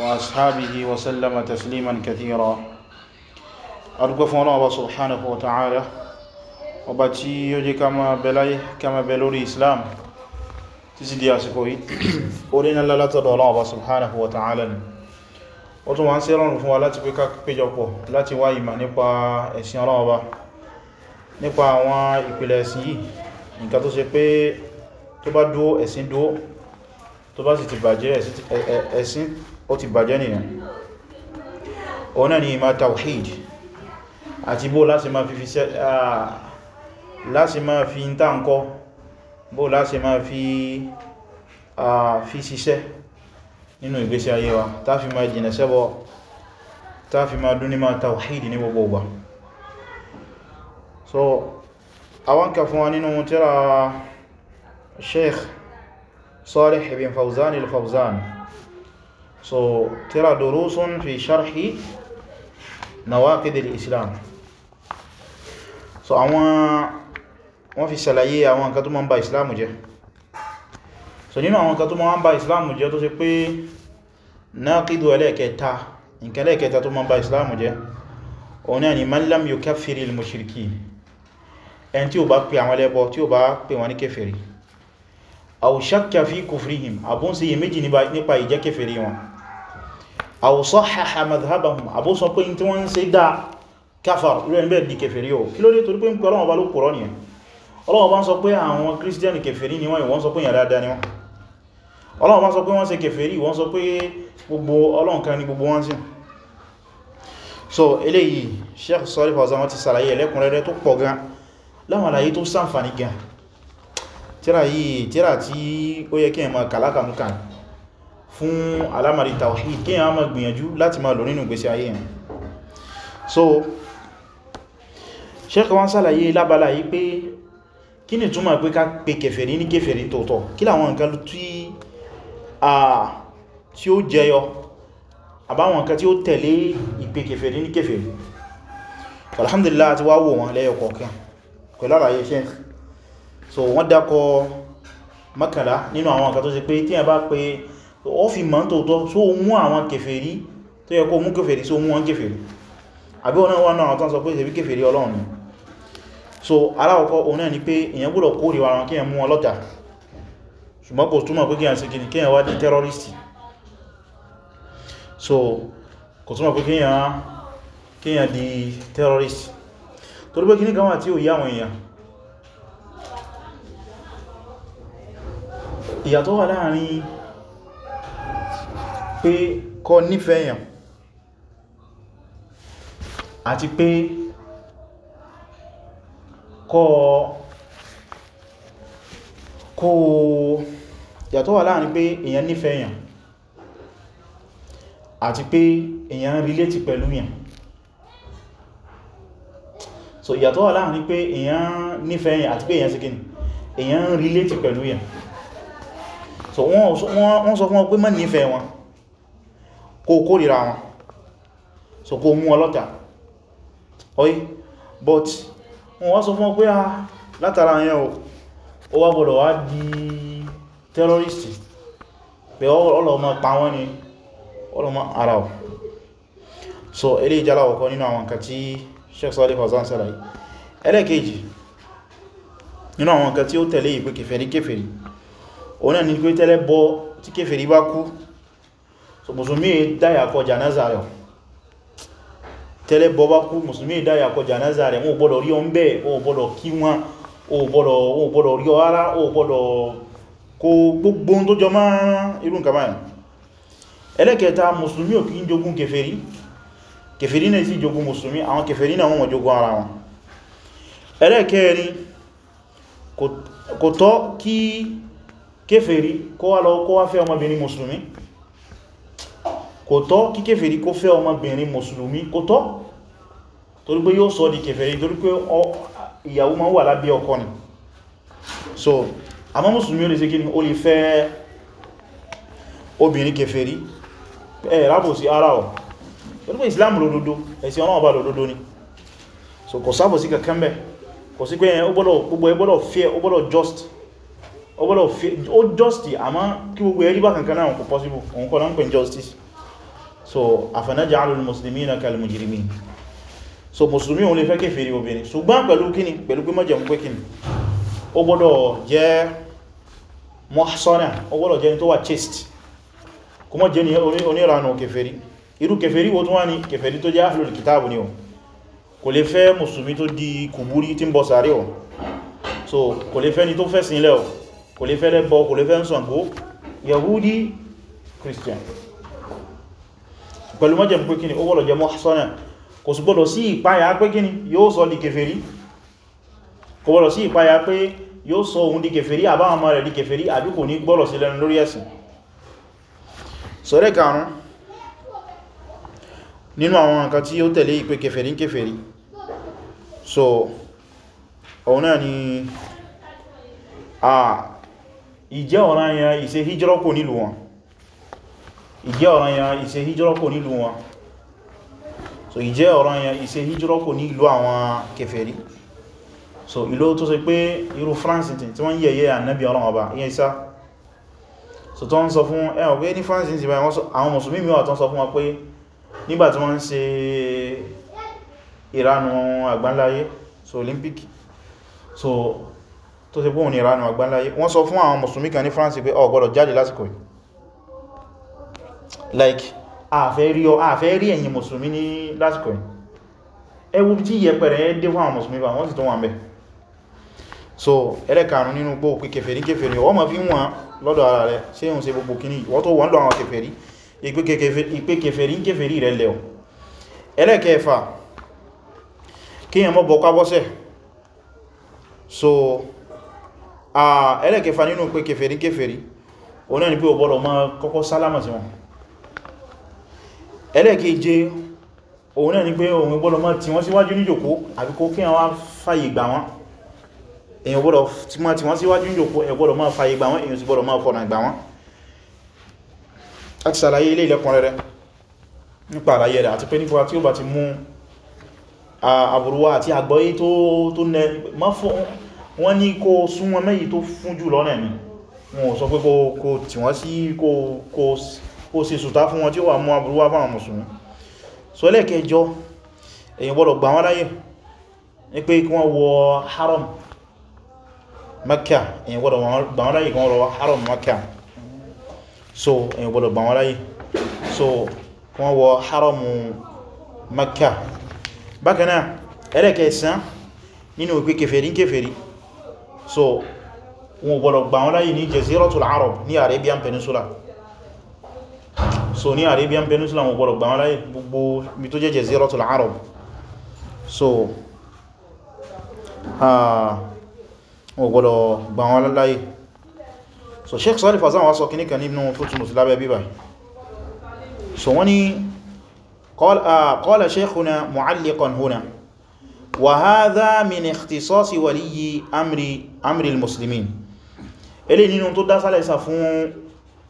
وأصحابه وسلم تسليما كثيرا أرقفنا الله سبحانه وتعالى وباتي يجي كما بلاي كما بلوري إسلام تسيدي أسكوي أولينا لا تدعو الله سبحانه وتعالى ó tún wá ń ṣe rọrùn fún wa láti pé ká péjọpọ̀ láti wá ìmọ̀ nípa ẹ̀sìn ọ̀rọ̀ ọba nípa àwọn ìpìlẹ̀ ẹ̀sìn yìí nǹkan tó ṣe pé tó bá dúó ẹ̀sìn dúó tó bá sì ti bàjẹ́ ẹ̀sìn ó ti bàjẹ́ nìyàn ọ̀nà ni ìmá tawhid àti bó láti máa fi fiṣẹ́ láti máa fi ń tàǹkọ́ bó láti máa fi fi ṣiṣẹ́ nínú ìgbésí ayé wa tá fi máa jìnà sẹ́bọ̀ tá fi máa dún ní máa tawhid ní gbogbo ọgbà so àwọn kà fún wa nínú tírà sheikh Salih ibn Fawzan al-Fawzan so tírà durusun fi sharhi nawaqidil islam so àwọn wọ́n fi ṣàlàyé àwọn nǹkan tó ma ń ba islam jẹ́ so nínú àwọn nǹkan tó ma ń ba islam jẹ́ tó ṣe pé naqidu ẹlẹ́ẹ̀kẹta nǹkan ẹlẹ́ẹ̀kẹta tó ma ń ba islam jẹ́ òun náà ni man lam yukaffiril mushrikin ẹn tí ó bá pè àwọn ẹlẹ́bọ tí ó bá pè wọn ní kèfèrí aw shakka fi kufrihim àbúnsí iyèméjì nípa ìjẹ́ kèfèrí wọn àwòsọ́ haha madhhabahum àbúsọ pé tí wọ́n ń ṣe dá káfà rẹ̀ bẹ́ẹ̀ di kèfèrí o kí ló dé torí pé ń pẹ́ ọlọ́wọ́ bá ló kòrọ́ nìyẹn ọlọ́wọ́ bá ń sọ pé àwọn kírísítíẹ̀nì kèfèrí ni wọ́n sọ pé yàrá dáadáa ni ọlọ́wọ́ bá ń sọ pé wọ́n ṣe kèfèrí so eléyìí Sheikh Saalih Fawzān wọ́n ti ṣàlàyé ẹlẹ́kùnrẹ́rẹ́ tó pọ̀ gan láwọn àlàyé tó ṣàǹfààní gan tíra yìí tíra tí fún alamari tawhid kí yàn máa gbìyànjú láti máa lò nínú ìgbésí ayé yàn so Sheikh wọ́n sàlàyé lábala yìí pé kí ni túnmà pé ká pe kèfèrí ní kèfèrí tòótọ́ kí làwọn nǹkan tí ó jẹyọ àbáwọn nǹkan tí ó tẹ̀lé ìpe kèfèrí ní kèfèrí alhamdulillah àti wá wò wọn lẹ́yọ kọ̀ọ̀kan pẹ̀lú àlàyé Sheikh so wọ́n dákọ mọ́kànlá nínú àwọn nǹkan tó ṣe pé tí ẹ bá pé ó fi mọ́ tó tọ́ só mú àwọn kèfèrí tó yẹ kó mú kèfèrí só mú wọn kèfèrí àbí ọ̀nà wọn náà tán sọ pé ṣebí kèfèrí Ọlọ́run ni so aláwọ̀kọ́ òun náà ni pé èyàn gbọ́dọ̀ kó rí wọn kíyàn mú wọn lọ́tà ṣùgbọ́n kò túmọ̀ pé kíyàn sí kíni kíyàn wá di tẹ́rọrìsì so kò túmọ̀ pé kíyàn kíyàn di tẹ́rọrìsì torí pé kíní kan wà tí ó yá àwọn èèyàn ìyàtọ̀ wà láàrin pé kó nífẹ̀ẹ́ èyàn àti pé kó yàtọ̀ wà láàrin pé èyàn nífẹ̀ẹ́ èyàn àti pé èyàn relate pẹ̀lú èyàn so ìyàtọ̀ wà láàrin pé èyàn nífẹ̀ẹ́ èyàn àti pé èyàn síkín èyàn relate pẹ̀lú èyàn so wọ́n sọ fún ọ pé má nífẹ̀ẹ́ wọn kó kórìíra wọn so kó mú ọlọ́ta oyi but wọ́n wá sọ fún ọ pé ah, látara yẹn o ó wá gbọ́dọ̀ wá di terrorist pé ọlọ́mọ pa wọ́n ni ọlọ́mọ ara ọ̀ so ilé ìjálá ọ̀kọ́ nínú àwọn nǹkan tí Sheikh Saalih Fawzān ṣàlàyé ẹlẹ́kejì nínú àwọn nǹkan tí ó tẹ̀lé ìpé kèfèrí kèfèrí òun náà ni pé tẹ́lẹ̀ bọ́ tí kèfèrí bá kú so musulmi dáyàkọ janaza rẹ̀ tẹ́lẹ̀ bọ́bá ku musulmi dáyàkọ janaza rẹ̀ wọ́n gbọ́dọ̀ rí ọ́n bẹ́ẹ̀ o gbọ́dọ̀ kí wọn o gbọ́dọ̀ rí ọ́rá o gbọ́dọ̀ kó gbogbo tó jọ máa irú nǹkan báyìí ẹlẹ́kẹta musulmi ò kí ń jogún kèfèrí kèfèrí náà sì jogún musulmi àwọn kèfèrí náà wọ́n jogún ara wọn ẹlẹ́kẹrin kò tọ́ kí kèfèrí kó wá lọ kó wá fẹ́ ọmọbìnrin musulmi kò tọ́ kí kèfèrí kó fẹ́ ọmọbìnrin mùsùlùmí kò tọ́ torí pé yóò sọ di kèfèrí torí pé ìyàwó ma wà lábẹ́ ọkọ ni so àmọ́ mùsùlùmí ó lè ni ó lè fẹ́ obìnrin kèfèrí ẹ̀ rábò sí ara ọ̀ torí pé Islam lòdodo ẹ̀sìn ọ̀nà ọba lòdodo ni so kò sábò sí kankan bẹ́ kò sí pé gbogbo ẹgbọ́dọ̀ fair ó gbọ́dọ̀ just ó gbọ́dọ̀ just àmọ́ kí gbogbo ẹrí bá kankan náà kò possible òun kọ́ náà ń justice so afanaja'alu al-muslimina kal-mujrimin so musulmi òun lè fẹ́ kéfèrí obìnrin ṣùgbọ́n pẹ̀lú kíni pẹ̀lú pé mọ́jẹ̀ mú pé kíni ó gbọ́dọ̀ jẹ́ muhsana ó gbọ́dọ̀ jẹ́ ni tó wà chaste kó mọ́ jẹ́ ni oníranà kéfèrí irú kéfèrí wo tún wá ní kéfèrí tó jẹ́ ahlul kitabu ni o kò lè fẹ́ musulmi tó di kùbúrí tí ń bọ sàárẹ̀ o so kò lè fẹ́ ni tó fẹ́ sínlẹ̀ o kò lè fẹ́ lẹ́bọ kò lè fẹ́ ń sàngó yahudi christian pẹ̀lú mọ́jẹ̀mú pé kíni ó gbọ́dọ̀ jẹ muhsana kò sì gbọ́dọ̀ sí ìpáyà pé kíni yóò sọ di kèfèrí kò gbọ́dọ̀ sí ìpáyà pé yóò sọ òun di kèfèrí àbáwọn ọmọ rẹ̀ di kèfèrí àbí kò ní gbọ́rọ̀ sí lẹ́nu lórí ẹ̀sìn sọ́rẹ́ karùn nínú àwọn nǹkan tí ó tẹ̀lé ìpé kèfèrí kèfèrí so òun náà ni a ìjẹ́ ọ̀ranyàn ìṣe hijrọ́ kò nílùú wọn ìjẹ́ ọ̀ranyàn ìṣe hijrọ́kò nílùú wọn so ìjẹ́ ọ̀ranyàn ìṣe hijrọ́kò nílùú àwọn kèfèrí so ìlú tó ṣe pé irú France tí wọ́n yẹ̀yẹ́ ànábì ọlọ́run ọba ìyẹn Ìsá so tó ń sọ fún ẹwọ̀n France ti báyìí àwọn mùsùlùmí mìíràn tó ń sọ fún wọn pé nígbà tí wọ́n ń ṣe ìranu àgbánláyé so Olympic so tó ṣe pé òun ìranu àgbánláyé wọ́n sọ fún àwọn mùsùlùmí kan ní France pé ó gbọ́dọ̀ jáde lásìkò yìí like àfẹ́ rí ọ àfẹ́ rí ẹ̀yin mùsùlùmí ní lásìkò yìí ẹwú tí yẹpẹrẹ dé fún àwọn mùsùlùmí bá wọ́n sì tó wà ń bẹ̀ so ẹlẹ́kàrún nínú pó pé kèfèrí kèfèrí wọ́n ma fi ń wọ́n lọ́dọ̀ ara rẹ̀ ṣe ń ṣe gbogbo kíní wọ́n tó wọ́n lọ àwọn kèfèrí ìpé kèfèrí kèfèrí rẹ̀ lẹ̀ ẹlẹ́kẹfà kí yẹn mọ́ bọ̀ká bọ́sẹ̀ so ẹlẹ́kẹfà nínú pé kèfèrí kèfèrí onáà ni pé ọ̀bọ̀lọ̀ ma kọ́kọ́ sálámà sí wọn ẹlẹ́ẹ̀keje òun náà ni pé òun gbọ́dọ̀ má tì wọ́n síwájú ní jòkó àbí kó kí àwọn fàyè gbà wọ́n èyàn gbọ́dọ̀ tí wọ́n tí wọ́n síwájú ní jòkó èyàn gbọ́dọ̀ má fàyè gbà wọ́n èyàn sì gbọ́dọ̀ má fọ̀nà gbà wọ́n láti sàlàyé ilé ilẹ̀kùn rẹ̀ nípa àlàyé rẹ̀ àti pé nípa tí ó bá ti mú àbúrúwá àti àgbọ́yé tó nẹ má fún wọ́n ní kó súnmọ́ mẹ́yìí tó fún jù lọ́nà ni wọ́n sọ pé kó tí wọ́n sí kó kó ṣe sùtá fún wọn tí ó wà mú aburú wá fáwọn mùsùlùmí so lẹ́ẹ̀kẹjọ èyàn gbọ́dọ̀ gbà wọ́n láyè ní pé kí wọ́n wọ haram Makka èyàn gbọ́dọ̀ gbà wọ́n láyè kí wọ́n wọ haram Makka so èyàn gbọ́dọ̀ gbà wọ́n láyè so kí wọ́n wọ haram Makka bákan náà ẹlẹ́kẹsàn nínú ìpé kèfèrí kèfèrí so wọn gbọ́dọ̀ gbà wọ́n láyè ní Jaziratul Arab ní Arabian Peninsula so ní Arabian Peninsula wọn gbọ́dọ̀ gbà wọn láyé gbogbo mi tó jẹ́ Jaziratul Arab so ah, wọn gbọ́dọ̀ gbà wọn láyé so Sheikh Saalih Al Fawzān wá sọ kìní kan nínú fótúnù sí lábẹ́ bíbá so wọ́n ni qāla ah, shaykhunā mu'alliqan hunā wa hādhā min ikhtisāsi waliyyi amri amri al-muslimīn eléyìí nínú tó dá sálẹ̀ sá fún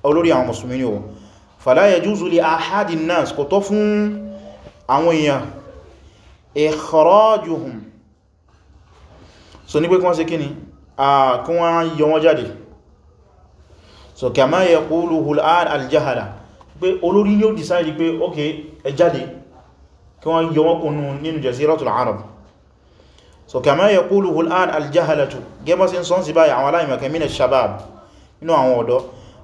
olórí àwọn mùsùlùmí ni fala yajuzu li ahadi nnas kò tọ́ fún àwọn èèyàn ikhrajuhum so ní pé kí wọ́n ṣe kíni kí wọ́n yọ wọ́n jáde so kama yaquluhu al-an al-jahala pé olórí ni ó decide pé ok ẹ jáde kí wọ́n yọ wọ́n kúnnú nínú jaziratul arab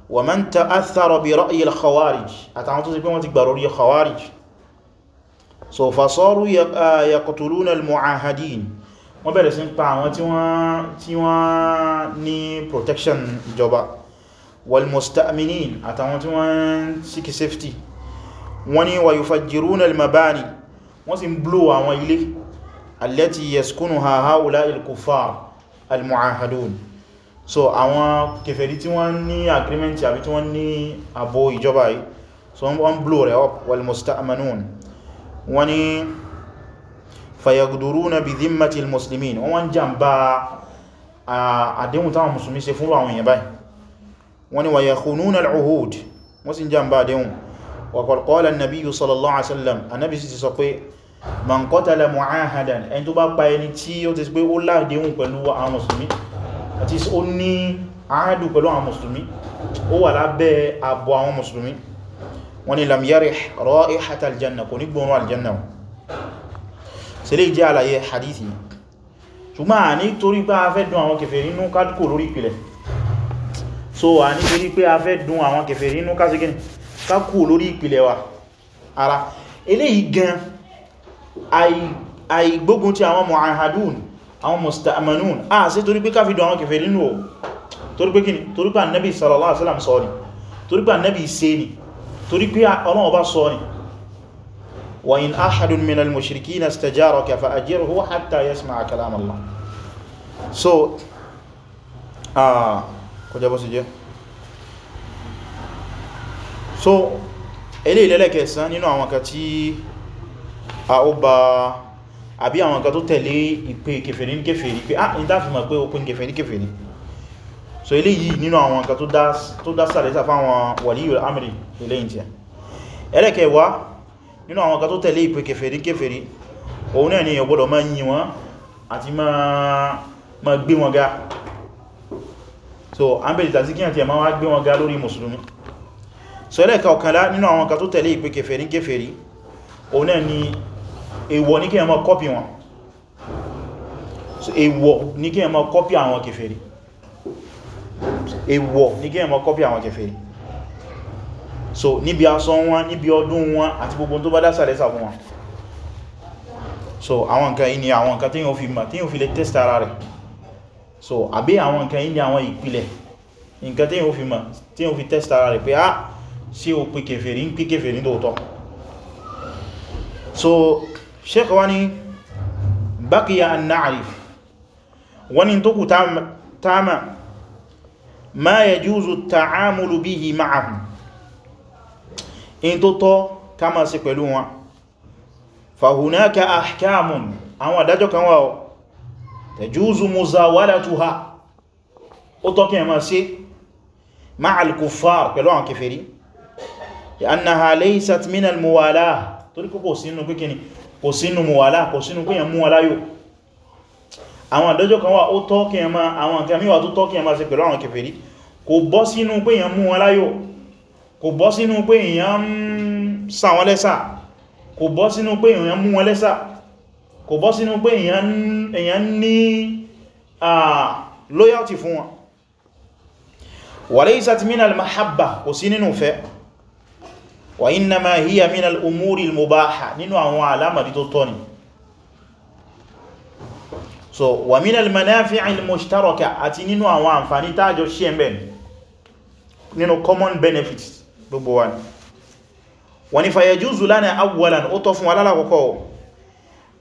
wa man ta'aththara bi ra'yi al-khawarij àtàwọn tó sì pé wọ́n ti gbàrò rí khawarij so fasaru yaqtuluna al-mu'ahadin wọ́n bẹ̀rẹ̀ sí pa àwọn tí wọ́n ní protection ìjọba wal-musta'minin àtàwọn tí wọ́n seek safety wọ́n ni wa yufajjiruna al-mabani wọ́n sì ń blow àwọn ilé allati yaskunuha ha'ula'i al-kuffar al-mu'ahadun so àwọn kèfèrí tí wọ́n ní agreement àbí tí wọ́n ní àbò ìjọba yìí so wọ́n blow rẹ̀ up wal musta'manun wọ́n ni fayagduruna bi dhimmati al-muslimin wọ́n wọ́n jàmbá àdéhùn táwọn musulmi ṣe fún àwọn èèyàn báyìí wọ́n ni wa yakhununa al-uhud wọ́n sì jàmbá àdéhùn wa qad qala an-nabiyyu sallallahu alaihi anábi sì ti sọ pé man qatala mu'ahadan ẹni tó bá pa ẹni tí ó ti pé ó láàdéhùn pẹ̀lú àwọn musulmi àti ó ní àádù pẹ̀lú àwọn mùsùlùmí ó wà lábẹ́ àbọ̀ àwọn mùsùlùmí wọ́n ni lam yarih raihata aljanna kò ní gbọ́nrún aljanna sí lè jẹ́ àlàyé hadithi ṣùgbọ́n a ní torí pé a fẹ́ dùn àwọn kèfèrí nínú kádùkò lórí ìpìlẹ̀ so a ní torí pé a fẹ́ dùn àwọn kèfèrí nínú kásíkín lórí ìpìlẹ̀ wa ara eléyìí gan àìgbógun ti àwọn mu'ahadun àwọn musta'manun a ah, sí torí pé káfídọ̀ àwọn kẹfẹ́ nínú o torí pé kíni torí pé annabi sallallahu alaihi wasallam sọ ni torí pé annabi ṣe ni torí pé Ọlọ́run bá sọ ni wa in ahadun min al-mushrikina istajaraka fa ajirhu hatta yasma'a kalam Allah so ah kò jẹ́ bó jẹ́ so ilé ilẹ̀lẹ́kẹ̀ẹ́sán nínú àwọn kan tí a ó bá àbí àwọn nǹkan tó tẹ̀lé ìpè kèfèrí ní kèfèrí pé ah ní dáfí mọ̀ pé ó pín kèfèrí kèfèrí so eléyìí nínú àwọn nǹkan tó dá sàrẹ́sà fáwọn wàlíyù amri eléyìn tí ẹlẹ́kẹ̀ẹ́wá nínú àwọn nǹkan tó tẹ̀lé ìpè kèfèrí kèfèrí òun ni ẹ gbọ́dọ̀ máa yìn wọ́n àti máa gbé so ambele tàbí kí àti ẹ máa wá gbé wọn so ẹlẹ́kẹ̀ọ́kànlá nínú àwọn nǹkan tó tẹ̀lé ìpè kèfèrí kèfèrí òun ni èwọ̀ ní kí ẹ má kọ́pì wọn èwọ̀ ní kí ẹ má kọ́pì àwọn kèfèrí èwọ̀ ní kí ẹ kọ́pì àwọn kèfèrí so níbi aṣọ wọn níbi ọdún wọn àti gbogbo tó bá dá sàlẹ́sà fún wọn so àwọn nǹkan yìí ni àwọn nǹkan tí yíò fi mọ̀ tí yíò fi lè test ara rẹ̀ so àbí àwọn nǹkan yìí ni àwọn ìpìlẹ̀ nǹkan tí yíò fi mọ̀ tí yíò fi test ara rẹ̀ pé á ah, sí o pé kèfèrí ń pé kèfèrí lóòtọ́ so sheikh wani baqiya an na'rif wani tó kù tama ma yajuzu ta'amulu bihi ma'ahum in tó tọ́ ká máa ṣe pẹ̀lú wọn fa hunaka ahkamun àwọn adájọ́ kan wà ó tajuzu muzawalatuha ó tọ́ kí ẹ máa ṣe ma'al kuffar pẹ̀lú àwọn kèfèrí ya annaha laysat min al muwala torí kò sínú kíkini kò sínú wàhálà kò sínú kíyàn mú aláyò àwọn àdọ́jọ́ kan wà ó tọ́kì ẹmà àwọn nǹkan míwà tó tọ́kì ẹmà sí pẹ̀lú àwọn kèfèrí kò bọ́ sínú pé èyàn mú wọn láyò kò bọ́ sínú pé èyàn ń sà wọn lẹ́sà kò bọ́ sínú pé èyàn mú wọn lẹ́sà kò bọ́ sínú pé èyàn ní loyalty fún wọn walaysat min al-mahabba kò sí nínú fẹ́ wa innama hiya min al-umuri al-mubaha nínú àwọn alamari tó tọ́ ni so wa min al-manafi'i al-mushtaraka àti nínú àwọn àǹfàní tájọ ṣe nínú common benefits gbogbo wa ni wa ni fayajuzu lana awwalan ó tọ́ fún alálàkọ́kọ́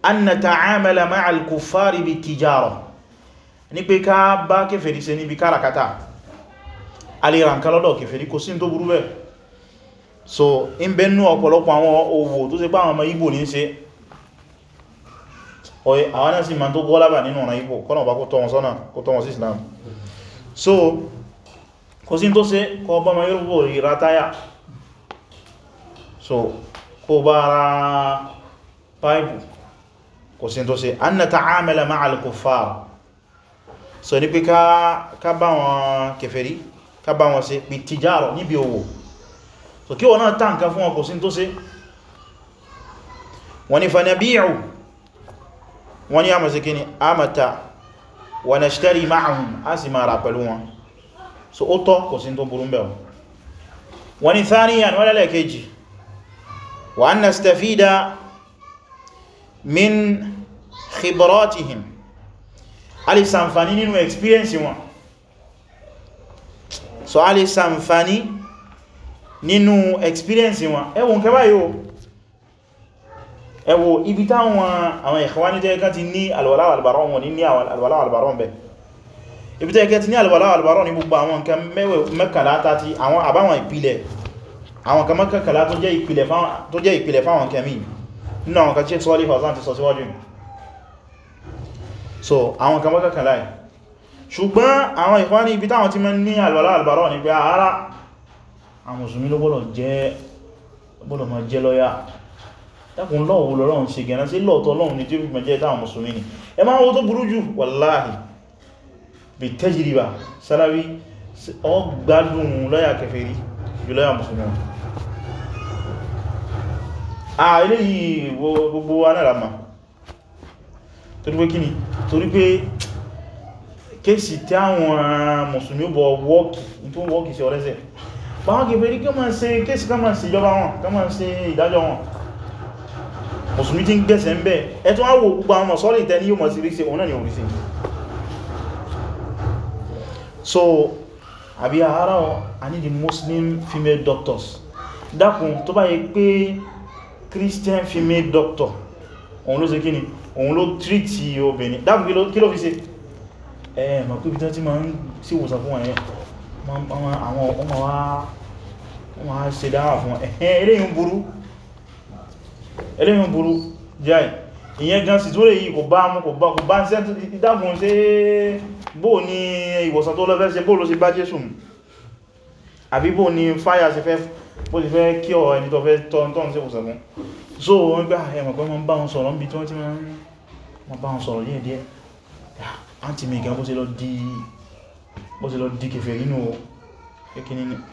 an nata'amala ma'a al-kuffari bi tijara ní pé ká bá kèfèrí ṣe níbi káràkátà alìrànkálọ́dọ̀ kèfèrí kò sí tó burú bẹ́ẹ̀ so in bẹnu ọ̀pọ̀lọpọ̀ àwọn owó tó ṣe pé àwọn ọmọ Ìgbò ní ṣe ọ̀yẹ àwọn náà sì ma tó gọ́lábà nínú ọ̀nà Ìgbò kọ́nà bá kó tọ́ wọn sọ́nà kó tọ́ wọn sí Islam so kò sí tó ṣe kọ bá ma Yorùbá ìrà táyà so kó bá ra paipu kò sí tó ṣe an na ta'amala ma'al kuffar so ní pé ká bá wọn kèfèrí ká bá wọn ṣe pìtìjárọ̀ níbi owó so kí wọ́n náà tàn ká fún ọkọ̀ sí tó sí wọ́n ni fanabi'u wọ́n ni a masu kini amata wọ́n na ṣtari ma'ahun a sì mara pẹ̀lú wọn so ó tọ́ kò sí tó burú bẹ̀rún wọ́n ni thaniyan wọ́n lẹ́lẹ́kejì wa an nastafida min khibratihim a nínú experience wọn so a nínú experience wọn ẹ wo nǹkan báyìí o ẹ wo ibi táwọn àwọn Ikhwani tẹ́ ká ti ní alwala wal bara wọn ní alwala wal bara bẹ ibi tẹ́ ká ti ní alwala wal bara ní gbogbo àwọn nǹkan mẹ́kànlá tàti àwọn àbáwọn ìpìlẹ̀ àwọn nǹkan mẹ́kànlá tó jẹ́ ìpìlẹ̀ fáwọn nǹkan nínú àwọn kan tí sọ́lé ti sọ so àwọn kan mọ́kànlá ẹ̀ ṣùgbọ́n àwọn Ikhwani ibi táwọn ti mẹ́ ní alwala wal ní pé ara àwọn mùsùlùmí ló gbọ́dọ̀ ma jẹ́ lọ́yà dákùn lọ́wọ́ lọ́rọ̀ ṣe gẹ̀rẹ́ sí lọ́ọ̀tọ́ lọ́wọ́ ní tí ó fi mẹ́jẹ́ táwọn mùsùlùmí ni ẹ máa wọ́n tó burú jù wàláhì bí tẹ́jìrìbà sáláwí ọgbádùn lọ́yà kèfèrí jù lọ́yà mùsùlùmí à ilé yìí gbogbo anáramà torí pé kíni torí pé kéèsì báwọn kèfèrí kí wọ́n ṣe kéèsì kí wọ́n ṣe ìjọba wọn kí wọ́n ṣe ìdájọ́ wọn mùsùlùmí tí ń gẹ̀ẹ́sẹ̀ ń bẹ́ ẹ̀tún àwò gbogbo àwọn mọ̀sọ́lì tẹ́ ní yíò mọ̀ sí rí sí òun ni òun rí so àbí àárá I need the Muslim female doctors dákun tó bá yẹ pé Christian female doctor òun ló ṣe kí ni òun ló treat obìnrin dákun kí ló fi ṣe ẹ̀ẹ̀ mọ̀ pé bí tán tí ma ń sí ìwòsàn fún wọn ẹ̀yẹn àwọn ọkọ̀ ma wá ṣe dáwà fún eléyìn burú eléyìn burú jẹ́ ìyẹn gan sì tó lè yí kò bá mú kò bá ń sẹ́ntì ìdágún sí bó ní ìwòsàn tó lọ́fẹ́ sí bó ló sì bá Jésù mú àbí bó ní fáyà sí fẹ́ kí ọ ẹni tó fẹ́ tọ́ntọ́n sí ìwòsàn fún so wọ́n gbá ah, ẹmọ̀ pé wọ́n bá wọn sọ̀rọ̀ níbi tí wọ́n ti máa ń bá wọn sọ̀rọ̀ díẹ̀díẹ̀ àti ah, mi gan bó ti lọ di bó ṣe lọ di kèfèrí nù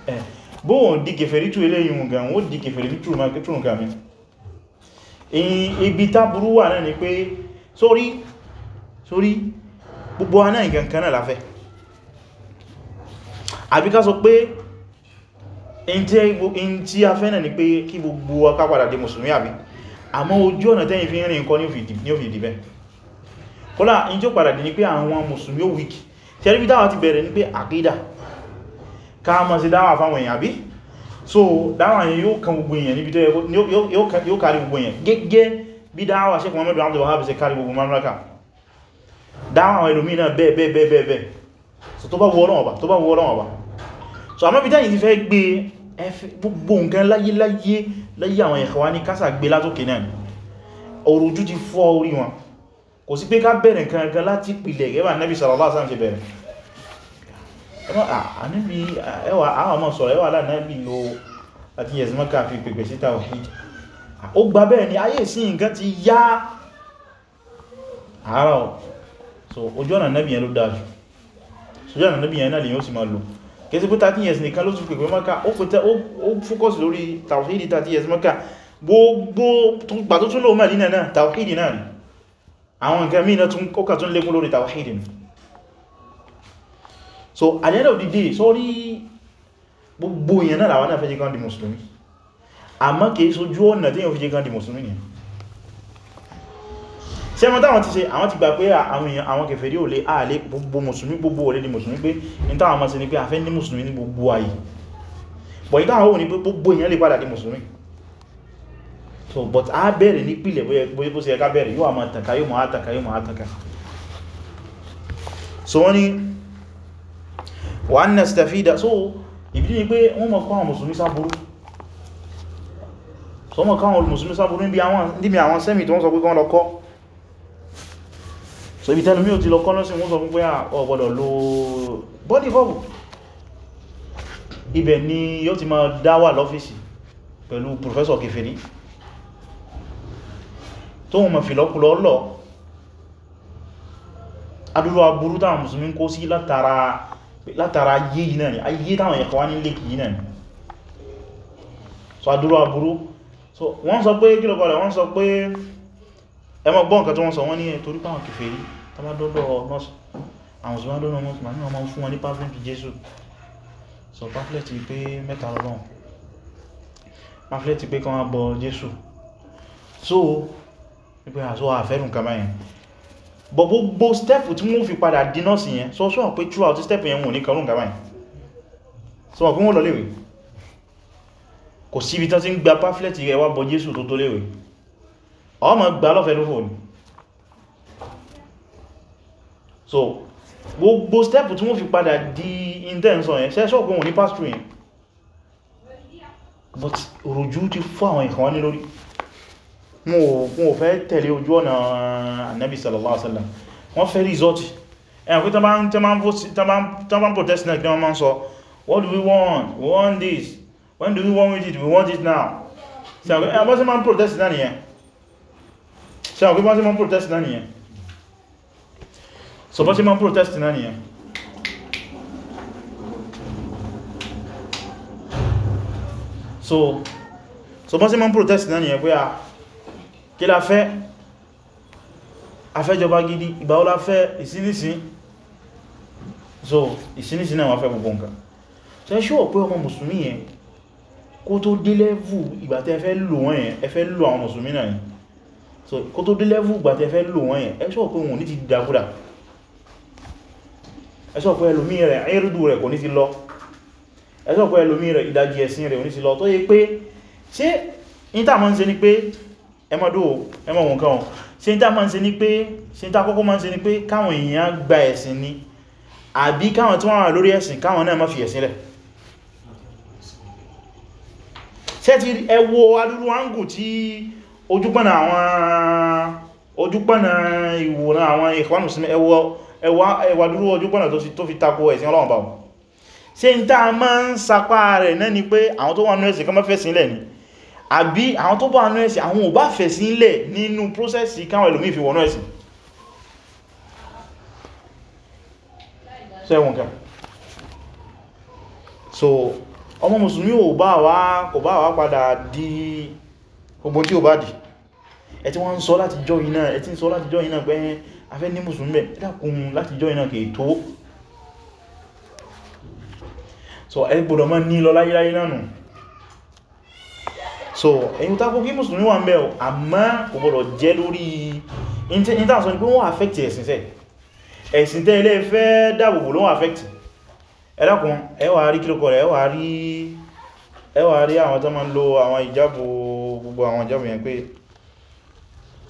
ẹ̀ bó wọ́n di kèfèrí tú eléyìn wọn gan wọ́n di kèfèrí ní túrùn nǹkan mi ibi táburú wà náà ni pé sórí sórí gbogbo aná ìgankan náà láfẹ́ àbí ká sọ pé in tí a fẹ́ náà ni pé kí gbogbo aká padà di mùsùlùmí àbí àmọ́ ojú ọ̀nà tẹ́yìn fi ń rìn nǹkan ní òfìdí bẹ́ẹ̀ kọ́lá in tí ó padà di ni pé àwọn mùsùlùmí ó wíkì ṣẹ́ríbí dáwà ti bẹ̀rẹ̀ ní pé àkídà ká mọ́ sí dáwà fáwọn èèyàn bí so dáwà yẹn yóò kan gbogbo èèyàn níbi tó yóò kárí gbogbo èèyàn gẹ́gẹ́ bí dáwà Sheikh Muhammad bin Abdul Wahhab ṣe kárí gbogbo mamlaka dáwà àwọn ẹlòmí náà bẹ́ẹ̀ bẹ́ẹ̀ bẹ́ẹ̀ so tó bá wọ́ ọ̀rọ̀ ọ̀bà tó bá wọ́ ọ̀rọ̀ ọ̀bà so àmọ́ bí dáyìí ti fẹ́ gbé gbogbo kò sí pé ká bẹ̀rẹ̀ kankan láti pìlẹ̀ gẹ́bà nẹ́bí sallallahu alaihi wasallam ṣe bẹ̀rẹ̀ ẹwà àwọn ọmọ sọ̀rọ̀ ẹwà lánàbí lo àti yẹ̀sìmọ́ká fi pèpè síta òhìd ó gba bẹ́ẹ̀ ni ayé sí nǹkan ti yá àárọ̀ so ojú ọ̀nà nẹ́bí yẹn ló dájú ojú ọ̀nà nẹ́bí yẹn náà lè yóò sì máa lò kẹsí pé 30 years nìkan ló tún pèpè mọ́ká ó fókọ́sì lórí tàwíìdì 30 years mọ́ká gbogbo pàtó tún lò mẹ́lì náà tàwíìdì náà àwọn nǹkan mìí tún kókà tún lékún lórí tàwàhídì ni so at the end of the day sórí gbogbo èèyàn náà làwọn náà fẹ́ jẹ́ kan di mùsùlùmí àmọ́ kìí sójú ọ̀nà tí yíò fi jẹ́ kan di mùsùlùmí ni ṣe mọ́ táwọn ti ṣe àwọn ti gbà pé àwọn kèfèrí ò lè ààlé gbogbo mùsùlùmí gbogbo ò lè di mùsùlùmí pé ní táwọn mọ́ sí ni pé a fẹ́ ní mùsùlùmí ní gbogbo ayé pọ̀ ìtàwọn ò ní pé gbogbo èèyàn lè padà di mùsùlùmí so but a bẹ̀rẹ̀ ní pìlẹ̀ bó ṣe ẹka bẹ̀rẹ̀ yóò àmà tàkà yóò máa tàkà yóò máa tàkà so wọ́n ni wà ní stafida so ìbí ní pé wọ́n mọ̀ káwọn musulmi sáburú so mọ̀ káwọn musulmi sáburú níbi àwọn sẹ́mì tó wọ́n sọ pé kán lọ́kọ́ so ibi tẹ́lùmí ò ti lọ́kọ́ lọ́sí wọ́n sọ pé ọgbọ́dọ̀ lo body bubble ibẹ̀ ni yóò ti máa dáwà lọ́fíìsì pẹ̀lú professor kèfèrí tó wọn mọ̀ fìlọ́kùlọ́ lọ adúrú aburú táwọn musulmi kó sí látara ayé yìí náà ni ayé táwọn ẹ̀kọ́ wá ní lèkì yìí náà ni so adúrú aburú so wọ́n sọ pé kí lọ́pàá wọ́n sọ pé ẹmọ gbọ́n nǹkan tó wọ́n sọ wọ́n ní torí pàwọn kèfèrí tàbádọ́dọ̀ nọ́ọ̀sì àwọn òṣìwá lónà wọn ma ní ọmọ fún wọn ní pamphlet Jésù so pamphlet pé mẹ́ta lọ́wọ́n so wípé àṣọ ah, àfẹ́rùn kan báyẹn bọ̀ gbogbo step tí wọ́n fi padà dínà sí yẹn so sọ́wọ́n pé throughout step yẹn wọ́n ní karùn kan báyẹn so wọ́n pín wọ́n lọ léwe kò sí ibi tán ti ń gba pamphlet rẹ̀ wá bọ Jésù tó tó léwe ọmọ gba lọ́fẹ́ lófò ní so gbogbo step tí wọ́n fi padà di intention yẹn sẹ́ṣọ́ pé wọ́n ní pass through yẹn but òròjú ti fún àwọn ìkànnì lórí wọn ò fẹ́ tẹ̀lé ojú ọ̀nà annabi sallallahu alaihi wasallam wọ́n fẹ́ result ẹ̀yàn pé tán bá ń protest náà gbọ́n máa ń sọ what do we want we want this when do we want it we want it now ṣàwọn pé máa ń protest náà nìyẹn so bọ́ sí máa ń protest náà nìyẹn so so bọ́ sí máa ń protest náà nìyẹn pé ah kí la fẹ́ afẹ́jọba gidi ìgbàwo la fẹ́ ìsínísí so ìsínísí náà wọ́n fẹ́ gbogbo nǹkan so ẹ ṣíwọ̀ pé ọmọ mùsùlùmí yẹn kó tó dé lẹ́vù ìgbàtẹ́ ẹfẹ́ lò wọ́n yẹn ẹfẹ́ lò àwọn mùsùlùmí náà yẹn so kó tó dé lẹ́vù ìgbàtẹ́ ẹfẹ́ lò wọ́n yẹn ẹ ṣíwọ̀ pé wọn ní ti dákúdà ẹ ṣíwọ̀ pé ẹlòmí rẹ̀ ẹrùdù rẹ̀ kò ní ti lọ ẹ ṣíwọ̀ pé ẹlòmí rẹ̀ ìdajì ẹ̀sìn rẹ̀ kò ní ti lọ tó yẹ pé ṣé ní tàà mọ́ ń ṣe ni pé ẹmọ́dó ẹmọ́wọ̀n kan ṣe ń tá máa ń ṣe ní pé ṣe ń tá kọ́kọ́ máa ń ṣe ní pé káwọn èèyàn gba ẹ̀sìn ni àbí káwọn tí wọ́n wà lórí ẹ̀sìn káwọn náà má fi ẹ̀sìn lẹ̀ ṣe ti ẹwọ adúrú ángù tí ojúpọ̀nà àwọn ìwòrán àwọn ìkwánù àbí àwọn tó bá anú ẹ̀sìn àwọn ò bá fẹ̀ sí ilẹ̀ nínú prósẹ́sì káwọn ẹlòmí fi wọnú ẹ̀sìn sẹ́wọ̀n kan so ọmọ mùsùlùmí ò bá wá kò bá wá padà di gbogbo tí ò bá dì ẹ tí wọ́n ń sọ láti jọ iná ẹ tí ń sọ láti jọ iná pé afẹ́ ní mùsùlùmí dákun láti jọ iná so ẹ gbọ́dọ̀ máa ní lọ láyé so ẹni tako kí mùsùlùmí wà ń bẹ̀ àmọ́ kò gbọdọ̀ jẹ́ lórí intanso ní pé wọ́n affect ẹ̀sìn sẹ́ ẹ̀sìn tẹ́ ilé fẹ́ dáàbòbò ló wọ́n affect ẹlẹ́kùn ẹwà rí kílùkọ rẹ̀ ẹwà rí àwọn tó máa ń lo àwọn ìjábò gbogbo àwọn ìjábò yẹn pé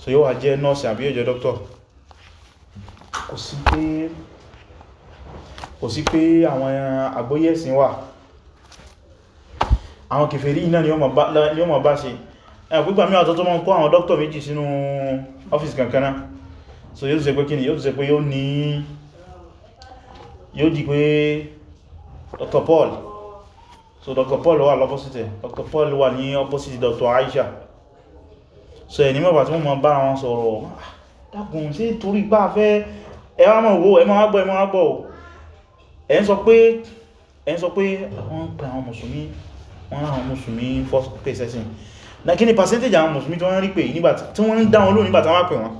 so yóò wà jẹ́ nọ́ọ̀sì àbí yóò jẹ́ dókítọ̀ kò sí pé àwọn àgbóyẹ̀sìn wà àwọn kèfèrí iná ni wọ́n ma bá ṣe ẹgbígbà mẹ́wàá tó tó mọ́ ń kọ́ àwọn dókítà méjì sínú ọ́fíìsì kankana so yóò ṣe pé kí ni yóò ṣe pé yóò ní yóò di pé Dr. Paul so Dr. Paul wà lọ́pọ̀sítẹ̀ Dr. Paul wà ní opposite Dr. Aisha so ẹni mọ́bà tí wọ́n ma bá wọn sọ̀rọ̀ ah, dákùn sí torí pá fẹ́ ẹwà mọ̀ wo ẹmọ́ wá gbọ́ ẹmọ́ wá gbọ́ ẹ̀ ń sọ wọ́n láwọn mùsùlùmí first pay session na kí ni percentage àwọn mùsùlùmí tí wọ́n rí pé tí wọ́n ń dá wọn lóò nígbàtí wọ́n pè wọ́n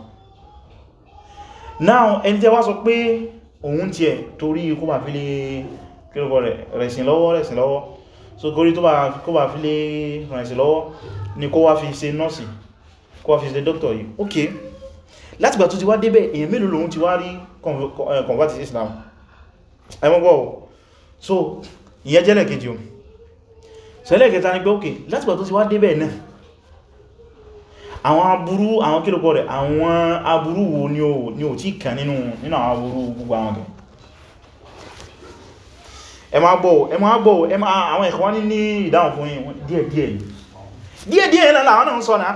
now ẹni tẹ́ wá sọ pé òun ti ẹ̀ torí kó bá fi lè kílùkọ rẹ̀sìn lọ́wọ́ rẹ̀sìn lọ́wọ́ so gorí kó bá fi lè rẹ̀sìn lọ́wọ́ ni kó wá fi ṣe nọ́ọ̀sì kó wá fi ṣe dókítọ̀ yìí ok láti gbà tó ti wá débẹ̀ èyàn mélòó lòun ti wá rí eh, convert Islam ẹmọ́gbọ́ so ìyẹn jẹ́lẹ̀ kejì ohun sẹ́lẹ̀kẹta ni pé ókè láti gbà tó ti wá débẹ̀ náà àwọn aburú àwọn kílòpọ̀ rẹ̀ àwọn aburú wo ni ò tí kàn nínú àwọn aburú gbogbo àwọn kẹ ẹ máa gbọ́ ẹ máa gbọ́ ẹ máa àwọn ẹ̀kọ́ ní ní ìdáhùn fún yín díẹ̀díẹ̀ díẹ̀díẹ̀ náà làwọn náà ń sọ náà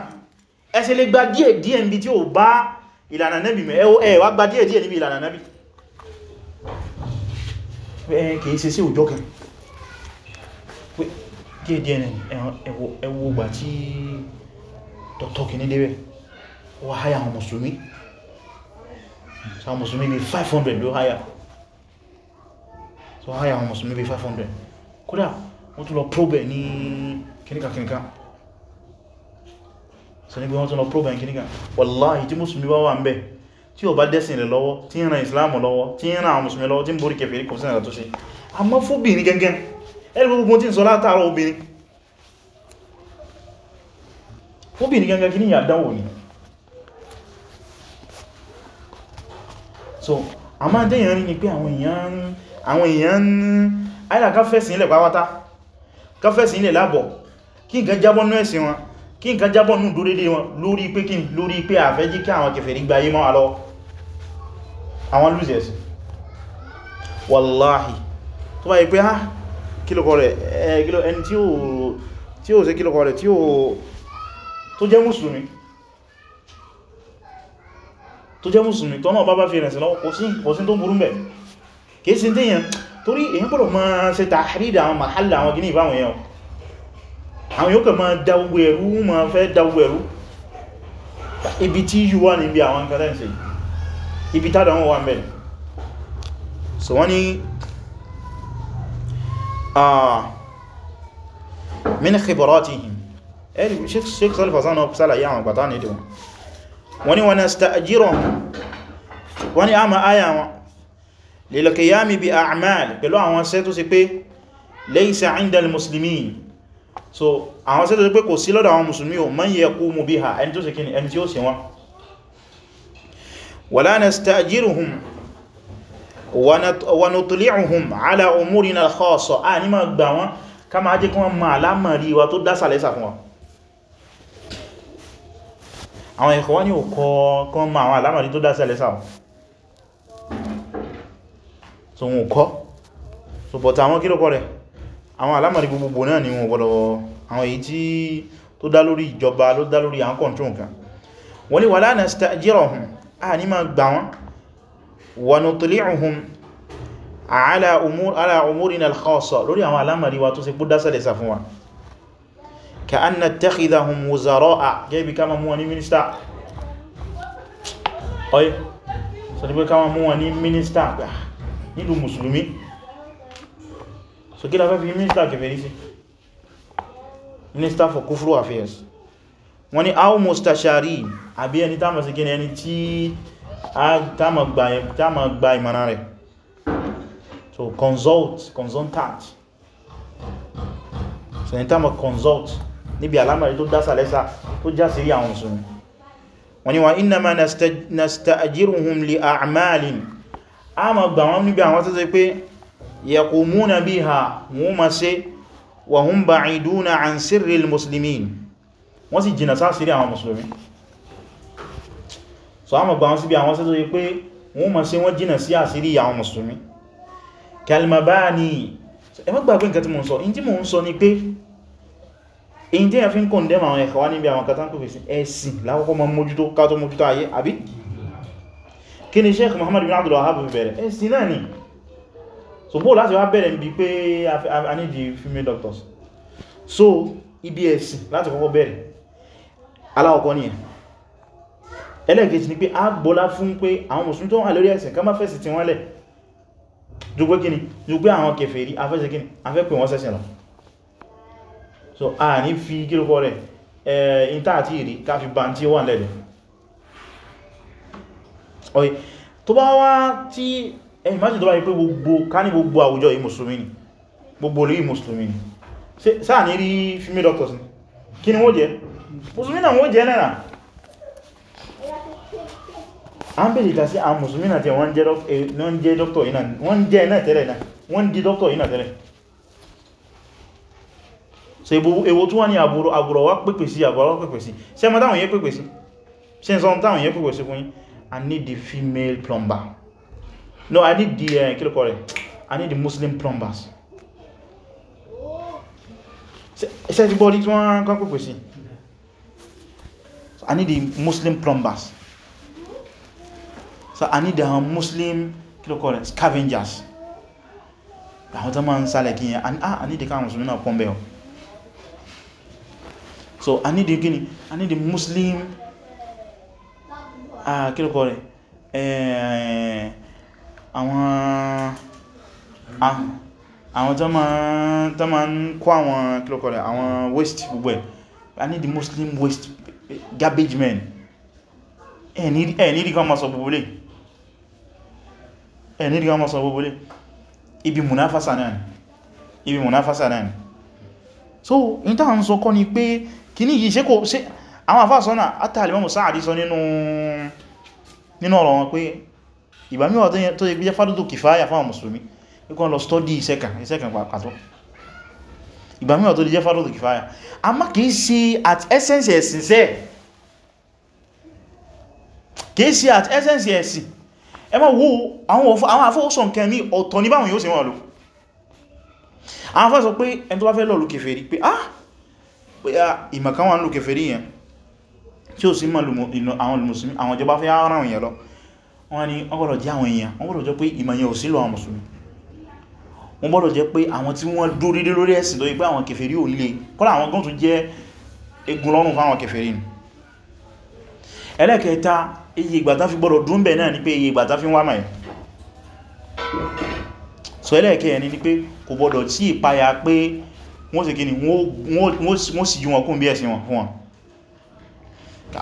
ẹsẹ̀ lè gba díẹ̀díẹ̀ níbi tí ó bá ìlànà nẹ́bì mẹ́ ẹ wá gba díẹ̀díẹ̀ níbi ìlànà nẹ́bì kìí ṣe sí òjò kẹrin díẹ̀díẹ̀ ní ẹwọ ìgbà tí Dr. Kini débẹ̀ ó háyà àwọn mùsùlùmí so àwọn mùsùlùmí bí 500 ló háyà so háyà àwọn mùsùlùmí bí 500 kódà wọ́n tún lọ probe ní kìníkàkìníkà so ní pé wọ́n tún lọ probe ní kìníkà wallahi tí mùsùlùmí bá wà ń bẹ̀ tí ó bá dẹ́sìn rẹ̀ lọ́wọ́ tí ń ran Islam lọ́wọ́ tí ń ran àwọn mùsùlùmí lọ́wọ́ tí ń borí kẹfẹ́ kò sí ìrìnà tó ṣe àmọ́ fóbìnrin gẹ́gẹ́ ẹ̀rì gbogbo tí ń sọ látàrọ obìnrin obìnrin gangan kí ní àdánwò ni so a máa dẹ́yàn rí ni pé àwọn èèyàn ń àìlà ká fẹ̀sìn ilẹ̀ pàwátá ká fẹ̀sìn ilẹ̀ lábọ̀ kí nǹkan jábọ́ nú ẹ̀sìn wọn kí nǹkan jábọ̀ nú dúrédé wọn lórí pé kí lórí pé àfẹ́jí kí àwọn kèfèrí gba ayé máa lọ àwọn losers wallahi tó bá yí pé ha ah, Kilo kílòkọ eh, rẹ̀ eh, ẹni tí ó ṣe kílòkọ rẹ̀ tó jẹ́ mùsùlùmí tó jẹ́ mùsùlùmí tọ́nà bá bá fi rẹ̀ sílọ́wọ́ kò sí tó burú mẹ́ kìí sí tíyàn torí èyàn pọ̀lọ̀ máa ṣe tàhídà àwọn mahalla àwọn gini ìbáwọn èèyàn àwọn yóò kẹ máa dáwọ ẹ̀rú máa fẹ́ dáwọ ẹ̀rú ibi tí yíò wà níbi àwọn kẹrẹ́ǹsì ibi tádà wọn wà mẹ́rin so wọ́n min khibaratihim ẹ̀rì sheikh salifasana sálàyé àwọn gbàtà nílò wani wani sta'jiruhum wani a ma aya wọn lil qiyami bi a'mal pẹ̀lú àwọn ṣẹ́ tó sì pé 'inda al so àwọn ṣẹ́ tó sì pé kò sí lọ́dọ̀ àwọn musulmi o man yaqumu biha ẹni tó sì kí ni ẹni tí ó sì wọn wala nasta'jiruhum wa nutli'uhum ala umurina al-khassa a ní ma gbà wọn ká ma jẹ́ kí wọ́n ma alámàrí wa tó dásàlẹ́sà fún wa àwọn ẹ̀kọ́ wọ́n ni ò kọ́ kọ́ ma àwọn alámàrí tó dásàlẹ́sà wọn so wọn kọ́ so bọ̀ta àwọn kí lókọ́ rẹ̀ àwọn alámàrí gbogbo náà ni wọn gbọ́dọ̀ àwọn ونطلعهم على أمور على أمورنا الخاصة lórí àwọn àlámọ̀rí wa tó ṣe pọ̀ dásẹ̀ dẹ̀sà fún wa كأن نتخذهم وزراء gẹ́bí ká máa mú wọn ní mínísítà ọ̀yẹ́ sọ ní pé ká máa mú wọn ní mínísítà nílùú mùsùlùmí so kí la fẹ́ fi mínísítà kèfèrí sí mínísítà for kufru affairs wọ́n ni mustashari àbí ẹni tá mọ̀ ẹni tí tá ma gba ìmọ̀ràn rẹ̀ so consult consultant so ní tá ma consult níbi alámàrí tó dásà lẹ́sà tó já sí àwọn musulmi wọ́n ni wa innama nasta'jiruhum li a'malin a ma gbà wọn níbi àwọn tó ṣe pé yaqumuna biha wọ́n ma ṣe wa hum ba'iduna an sirril muslimin wọ́n sì jìnà sáà àwọn musulmi so a mọ̀ gbà wọn síbi àwọn sẹ́sọ́ yí pé wọ́n mọ̀ sí wọ́n jìnà sí àṣírí àwọn mùsùlùmí kalmabani ẹ má gbàgbé nǹkan tí mo ń sọ in tí mo ń sọ ni pé in tí yẹn fi ń condemn àwọn ẹ̀kọ́ wá níbi àwọn katánkò fèsì ẹ̀sìn lákọ́kọ́ mọ́ mójútó kátó mójútó ayé àbí kí ni Sheikh Muhammad bin Abdul Wahhab fi bẹ̀rẹ̀ ẹ̀sìn náà ni so bó láti wá bẹ̀rẹ̀ níbi pé a ní di female doctors so ibi ẹ̀sìn láti kọ́kọ́ bẹ̀rẹ̀ aláwọ̀kọ́ nìyẹn ẹlẹ́ẹ̀kejì ni pé a gbọ́lá fún pé àwọn mùsùlùmí tó wà lórí ẹ̀sìn ká má fẹ̀sì tí wọ́n lẹ̀ dúgbé kíni dúgbé àwọn kèfèrí afẹ́sẹ̀ kíni afẹ́ wọ́n sẹ́sìn lọ so a ní fi gílùkọ́ rẹ̀ ìntà àti ìrí ká fi bá tí ó wà lẹ́lẹ̀ ọ̀yí tó bá wá tí ẹ̀yìn májì tó bá yí pé gbogbo ká ní gbogbo ni gbogbo olú yìí mùsùlùmí ni sáà a ń bèèrè ìtàsí àwọn musulmi náà tí wọ́n jẹ́ dókítọ̀ iná tẹ́lẹ̀ náà wọ́n di dókítọ̀ iná tẹ́lẹ̀ so ewo tó wá ní àbúrò wá pèpè sí àbúrò wá pèpè sí ṣe mọ́ táwọn yẹ pèpè sí ṣe ń sọ táwọn yẹ I need the female plumber no I need the eh, I need the Muslim plumbers ṣe ti bọ́dí tí I need the Muslim plumbers so I need the muslim kílùkọ́ rẹ̀ scavengers àwọn tó máa ń sálẹ̀ kí yẹn a ní dìkà musulmi náà pọ́nbẹ̀ ọ̀ so a ní dìkà ní a ní dì muslim a ah, kílùkọ́ rẹ̀ eh, àwọn ah, tó máa ń kó àwọn kílùkọ́ rẹ̀ àwọn waste gbogbo ẹ̀ a ní dì muslim waste garbage men ẹ̀ eh, ní eh, dìkà masọ̀ gbogbo lè ẹ̀ nírí ọmọ sọ gbogbo ibi munafasa náà ni ibi munafasa náà ni so in ta n sọ kọ́ ni pé kíní yìí ṣe kò ṣe àwọn àfáà sọ́nà átàlìmọ́mù sáàdì sọ nínú ọ̀rọ̀ wọn pé ìbámíwà tó yẹ gbíjẹ́ fádúdó kìfáyà fáwọn mùsùlùmí ikọ́ lọ stọ́dí ìṣẹ́kàn ìṣẹ́kàn pàtó ìgbàmíwà tó lè jẹ́ fàdọ̀dọ̀ kìfàyà a má at essence ẹ̀sìn sẹ́ at essence ẹ̀sìn ẹ ma wo àwọn afọ́sọ̀ nǹkan ní ọ̀tọ̀ ní báwọn yóò ṣe wọ́n lò àwọn afọ́sọ̀ pé ẹni tó bá fẹ́ lọ lù kèfèrí pé ah, ah! ìmọ̀kan wọn lù kèfèrí yẹn tí ó sì mọ̀ àwọn mùsùlùmí àwọn ìjọba fẹ́ ràn èèyàn lọ wọ́n ni wọ́n gbọ́dọ̀ jẹ́ àwọn èèyàn wọ́n gbọ́dọ̀ jẹ́ pé ìmọ̀ yẹn ò sí lọ àwọn mùsùlùmí wọ́n gbọ́dọ̀ jẹ́ pé àwọn tí wọ́n dúró dé lórí ẹ̀sìn tó yí pé àwọn kèfèrí ò le kọ́lá àwọn gan tún jẹ́ egun lọ́rùn fáwọn kèfèrí ni ẹlẹ́kẹta iye ìgbà tán fi gbọ́dọ̀ dún bẹ̀ náà ni pé iye ìgbà tán fi ń wá máa so ẹlẹ́ẹ̀kẹ́ ẹni ni pé kò gbọ́dọ̀ tí ìpayà pé wọ́n sì gini wọ́n sì yí wọn kún bí ẹ̀sìn wọn fún wọn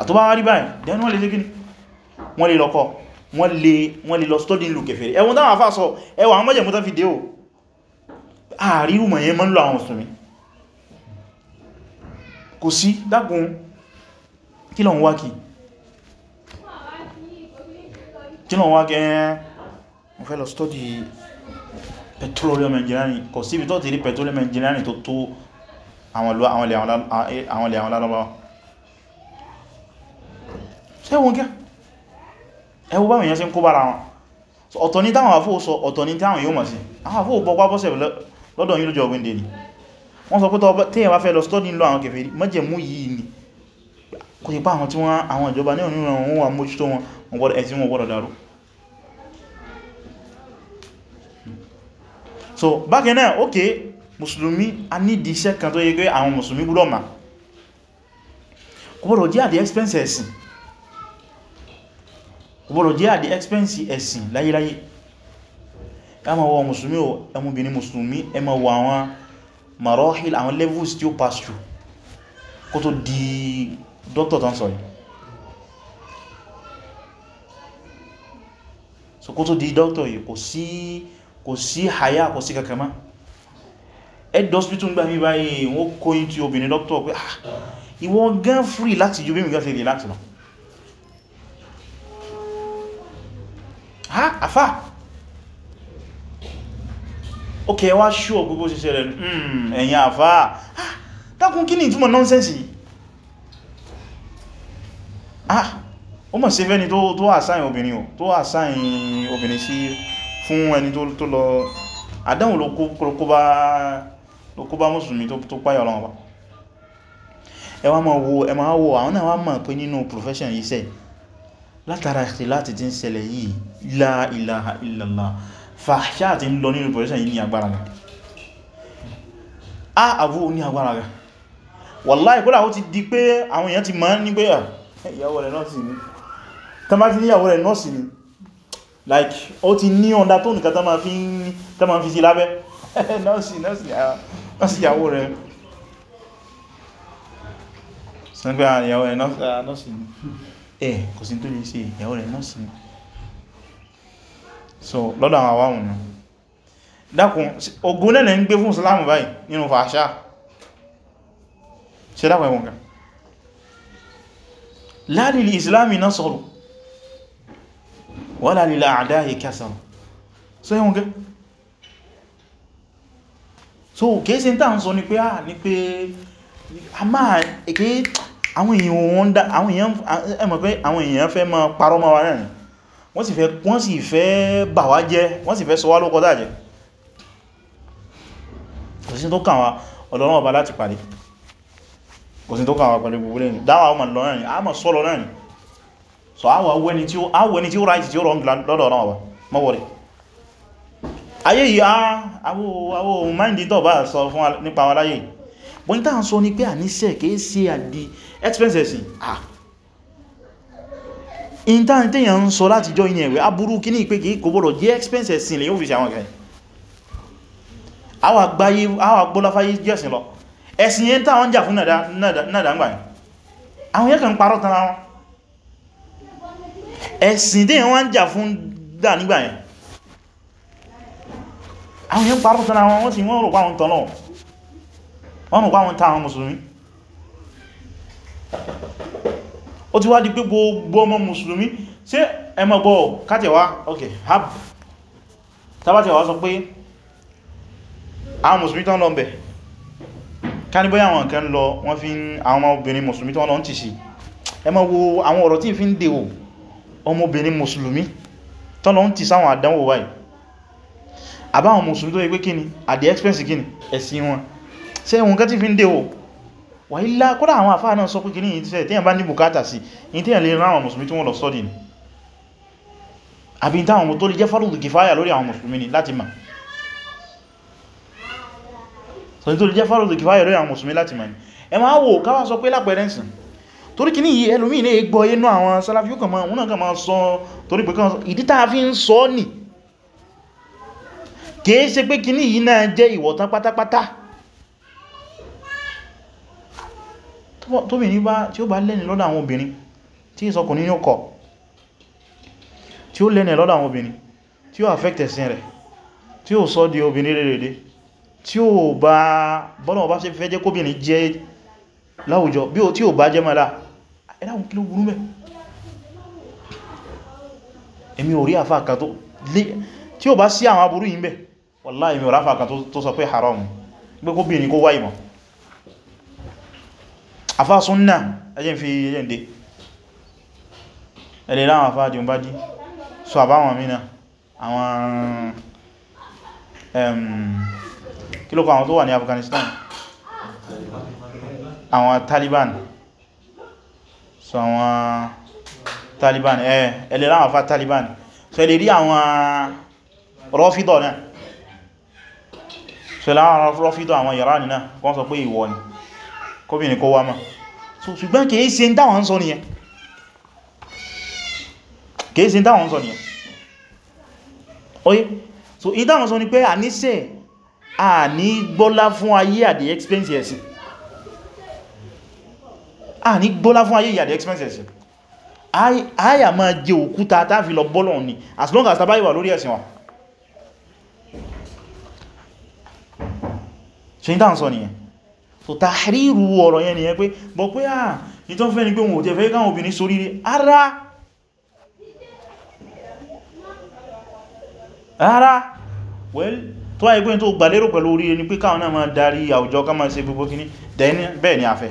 àtọ́bá wá rí báyìí dẹ́nu wọ́n lè ṣe gini wọ́n lè lọ́kọ́ wọ́n lè lọ stọ́dí ìlú kẹfẹ̀ẹ́ ẹwọ́n táwọn àfáà sọ o ààrí ìrùmọ̀ yẹn mọ́ ń lọ àwọn òsùnmi kí lọ ń wá kìí kí náà wá gẹ́ mo fẹ́ lọ study petroleum engineering kò síbi tó ti rí petroleum engineering tó tó àwọn ilẹ̀ àwọn lárọ́bá ṣẹ́wọ́n gẹ́ ẹwọ báwọn èèyàn sí ń kó bára wọn ọ̀tọ̀ ní táwọn àfóò sọ ọ̀tọ̀ ní táwọn yóò mọ̀ sí àwọn àfóò bọ́gbá bọ́sẹ̀ lọ́dọ̀ yìí lójọ ọgbìn dèní wọ́n sọ pé tẹ́yẹ̀ bá fẹ́ lọ stọ́dí ń lọ àwọn kèfèrí májẹ̀mú yìí ni kò sí pá àwọn tí wọ́n àwọn ìjọba ní òní so bákan náà ok mùsùlùmí a nídi iṣẹ́ kan tó yẹ pé àwọn mùsùlùmí gbọ́dọ̀ ma kò gbọ́dọ̀ jẹ́ àdí expense ẹ̀sìn kò gbọ́dọ̀ jẹ́ àdí expense ẹ̀sìn láyéláyé ẹ má wọ mùsùlùmí o ẹmúbìnrin mùsùlùmí ẹ má wọ àwọn marohil àwọn levels tí ó pass through kó tó di doctor tán sọ yìí so kó tó di doctor yìí kò sí si, kò sí àyà kò sí kankan má ẹ̀dọ́sbítún gbà mí báyìí wọ́n kó yí tí obìnrin dókítọ̀ pé ah ìwọ gan free láti ju bí mi gan fi relax lọ ha ah, afá ok wá ṣíò gbogbo ṣe ṣẹlẹ̀ hmm, ẹ̀yìn àfá ah, dákun kí ni ìtumọ̀ nonsense ah o mọ̀ sí fẹ́ni tó àsáyìn obìnrin sí fún ẹni tó lọ àdánwò ló kó bá mùsùlùmí tó páyà Ọlọ́run Ọba ẹ wá máa wo ẹ wo àwọn náà wá mọ̀ pé nínú profession iṣẹ́ látara ikhtilati tí ń ṣẹlẹ̀ yìí la ilaha illallah fàṣà tí ń lọ nínú profession yìí ní agbára rẹ̀ a àbú ní agbára rẹ̀ wallahi kódà ó ti di pé àwọn èèyàn ti máa ń ní pé ah, ìyàwó rẹ̀ nọ́ọ̀sì ni like ó ti ní ọ̀dá tó nìkan tán ma fi sí lábẹ́ ah, nọ́ọ̀sì ìyàwó rẹ̀ sọ́gbẹ́ ah, ìyàwó rẹ̀ nọ́ọ̀sì ẹ̀ ah, eh, kò sí tó lè ṣe ìyàwó rẹ̀ nọ́ọ̀sì so lọ́dọ̀ àwọn àwọn ọ̀nà dákun ogun lẹ́lẹ̀ ń gbé fún Islam báyìí nínú fàṣà ṣe dákun ẹ̀wọ̀n kan láàrin Islam náà sọ̀rọ̀ wala lil a'da'i kasar so ẹwọn gẹ́ so kéèsì ń tàn sọ ní pé a ah, ní pé a máa èké àwọn èèyàn wọ́n dá àwọn èèyàn ẹmọ̀ pé àwọn èèyàn fẹ́ máa parọ́ máa wà rẹ̀rìn wọ́n sì fẹ́ wọ́n sì fẹ́ bà wá jẹ́ wọ́n sì fẹ́ sọ wá lókọ dájẹ́ kò tó kàn wá ọ̀dọ̀rọ̀ ọba láti pàdé so awọ ẹni tí ó right tí ó wrong lọ́dọ̀ náà wà mọ́wọ́rẹ̀ ayé yìí awọ mind tó bá sọ fún nípa wọn láyé bọ́n tàà sọ ní pé àníṣẹ́ kìí sí expenses in tàà tèyàn ń sọ láti jọ inú aburú kí ní ìpé kìí kò bọ́rọ̀ jẹ́ expenses lè yóò fi ṣe àwọn àwọn ẹ̀sìn tí wọ́n ń jà fún dà nígbà yẹn àwọn yẹn parọ́ tán àwọn wọ́n sì wọ́n rò páwọn tán náà wọ́n rò páwọn tán àwọn mùsùlùmí ó ti wá di pé gbogbo ọmọ mùsùlùmí ṣé ẹmọ̀gbọ́ oh, kátẹ̀wá ok hab tàbátẹ̀wá sọ pé àwọn mùsùlùmí tán lọ bẹ̀ káníbọ́yà àwọn kan lọ wọ́n fi àwọn ọmọ obìnrin mùsùlùmí tán lọ ń tìsí ẹmọ̀ wo àwọn ọ̀rọ̀ tí fi ń dèwò ọmọbìnrin mùsùlùmí tọ́lọ ń ti sáwọn àdánwò wáyìí àbáwọn mùsùlùmí tó yẹ kíni at the expense kíni ẹ̀sìn wọn ṣe ohun kan tí fi ń dé o wà ilá kódà àwọn àfáà náà sọ pé kíní ìtìsẹ̀ tí yẹn bá ní bùkátà sí ní tí yẹn lè rán àwọn mùsùlùmí tí wọ́n lọ sọ́dì ni àbí táwọn tó lè jẹ́ fárúdù kìfáyà lórí àwọn ni láti máa sọ ní tó lè jẹ́ fárúdù kìfáyà lórí àwọn mùsùlùmí torí kì ní yí ẹlòmí ilé gbọ́ inú àwọn Salafi yóò kàn máa wọn náà kàn máa sọ torí pé kàn ìdí tàà fi ń sọ nì kìí ṣe pé kì ní yí náà jẹ́ ìwọ̀tán pátápátá tóbìnrin bá tí ó bá lẹ́ni lọ́dọ̀ àwọn obìnrin tí ìsọkùnrin yóò kọ̀ tí ó lẹ́ni lọ́dọ̀ àwọn obìnrin tí ó affect ẹ̀sìn rẹ̀ tí ó sọ di obìnrin rèrèdè tí ó bá bọ́nà ọba ṣe fẹ́ jẹ́ kóbìnrin jẹ́ láwùjọ bí ó tí ó bá jẹ́ mọ́lá ẹ̀dàkùn kí ló burú mẹ́ èmi ò rí àfá kan tó tí ó bá sí àwọn aburú yìí ń bẹ wallahi èmi ò ráfà kan tó sọ pé haram gbé kó bí ní kó wá ìmọ̀ súnnà ẹjẹ́ fi ẹjẹ́ ǹdẹ́ ẹ̀lẹ́ láwọn àfá dìun bá dí so àbáwọn mìíràn àwọn kí ló kọ àwọn Taliban so àwọn Taliban eh, ẹ̀ ele láwọn afá Taliban so ẹ̀lẹ̀ rí àwọn rọ́fídọ̀ náà so láwọn rọ́fídọ̀ àwọn Iran náà wọ́n sọ pé ìwọ ni kóbìnrin kó wá mọ́ so ṣùgbọ́n kìí ṣe ń dáwọn sọ nìyẹn kìí ṣe ń dáwọn sọ nìyẹn oye so ìdáwọn sọ ni pé àníṣẹ́ à ní gbọ́lá fún ayé at the expense ẹ̀sìn a ní gbọ́lá fún ayé ìyàdẹ̀ expenses àyà máa jẹ òkúta táàfi lọ bọ́lọ̀ ni as long as tàbí wà lórí ẹ̀sìn wa ṣe ní tàà sọ nìyẹn so tàhírù ọ̀rọ̀ yẹn nìyẹn pé bọ̀ pé à ah, ní tó fẹ́ ni pé wọn tẹ́ fẹ́ káwọn obìnrin sórí rí ara ara well tó wáyé pé tó gbàlérò pẹ̀lú orí ni pé káwọn náà máa darí àwùjọ ká máa ṣe gbogbo kíní bẹ́ẹ̀ ni àfẹ́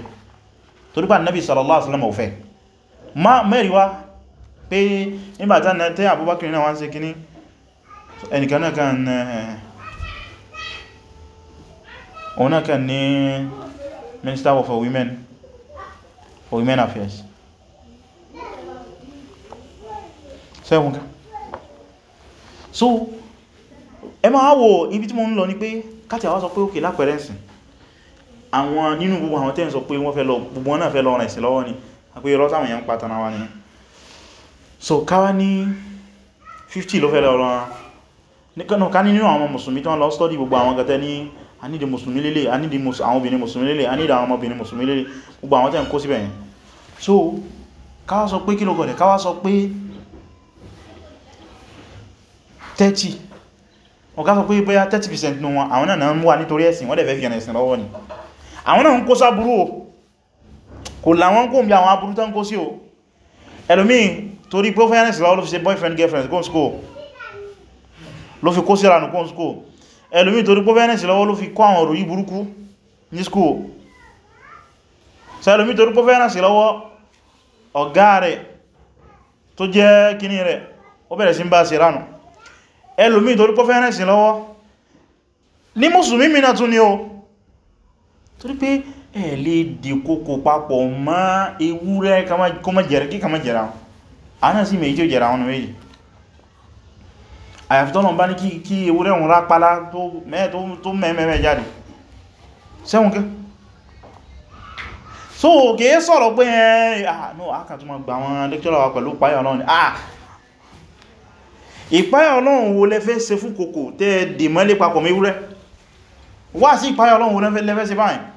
torí pé Ànábì sallallahu alaihi wasallam ó fẹ́ ma mẹ́rin wá pé nígbàtá na tẹ́ Abubakar náà wọ́n ṣe kíní ẹnìkan náà kan eh, òun ní minister for women for women affairs sẹ́wọ̀n so ẹ máa wò ibi tí mo ń lọ ní pé káti àwọn sọ pé òkè lápẹẹrẹ ìsìn àwọn nínú gbogbo àwọn tẹ́ ń sọ pé wọ́n fẹ́ lọ gbogbo wọn náà fẹ́ lọ rìn sí lọ́wọ́ ni àpé irọ́ táwọn èèyàn ń pa tanawa ni so káwá ní 50 ló fẹ́ lọ rán nìkanà ká nínú àwọn mùsùlùmí tán lọ study gbogbo àwọn gẹ́tẹ́ ní anídi mùsùlùmí lélè anídi àwọn obìnrin mùsùlùmí lélè anídi àwọn ọmọbìnrin mùsùlùmí lélè gbogbo àwọn tẹ́ ń kó síbẹ̀ yẹn so káwá sọ pé kí ló gọ̀dẹ̀ káwá sọ pé 30 ọ̀ká sọ pé bóyá 30% nù wọn àwọn náà wà nítorí ẹ̀sìn wọ́n dẹ̀ fẹ́ fi ẹ̀sìn lọ́wọ́ ni àwọn náà ń kó sáburú o kò láwọn kó ń bí àwọn aburú tán kó sí o ẹlòmíì torí profianess lọ́wọ́ ló fi ṣe boyfriend girlfriend kó ń school ló fi kó síranù kó ń school ẹlòmíì torí profianess lọ́wọ́ ló fi kó àwọn òròyìn burúkú ní school so ẹlòmíì torí profianess lọ́wọ́ ọ̀gá rẹ̀ tó jẹ́ kíní rẹ̀ ó bẹ̀rẹ̀ sí ń bá síranù o torí pé ẹ lè dìkòkò papọ̀ mọ́ ewúrẹ́ kó má jẹ̀rẹ̀ kí ká má jẹ̀rẹ̀ àwọn àánà sí méjì tí ó jẹ̀rẹ̀ àwọn méjì àyàfi tọ́lọ̀ bá ní kí ewúrẹ́ òun rápálá tó mẹ́mẹ́mẹ́ jáde sẹ́wọ̀n kẹ́ so kìí sọ̀rọ̀ pé ẹ̀ẹ́nù àkàtù ma gbà wọn lẹ́kítọ́rọ̀ wa pẹ̀lú ìpáyà Ọlọ́run ah ìpáyà Ọlọ́run wo lẹ́fẹ́ ṣe fún kòkò tẹ́ẹ̀dì mọ́lé papọ̀ mẹ́wúrẹ́ wá sí ìpáyà Ọlọ́run wo lẹ́fẹ́ ṣe báyìí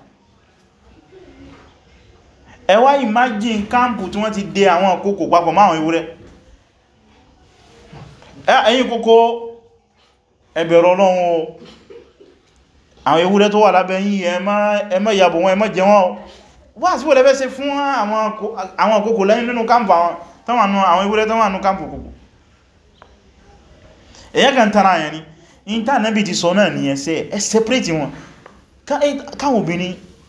ẹ wá imagine kámpù tí wọ́n ti dé àwọn ìkòkò papọ̀ máwọn ewúrẹ́ ẹ̀yin kòkò ẹ bẹ̀rù Ọlọ́run o àwọn ewúrẹ́ tó wà lábẹ́ yín ẹ má yàbò wọn ẹ má jẹ wọ́n wá sí wọ́lẹ́fẹ́ ṣe fún àwọn ìkòkò lẹ́yìn nínú kámpù àwọn ewúrẹ́ tó wà nínú kámpù kòkò èyẹ́ kan tara yẹn ni in ta nẹ́bì ti sọ náà ni ẹsẹ́ ẹ separate wọn káwọn obìnrin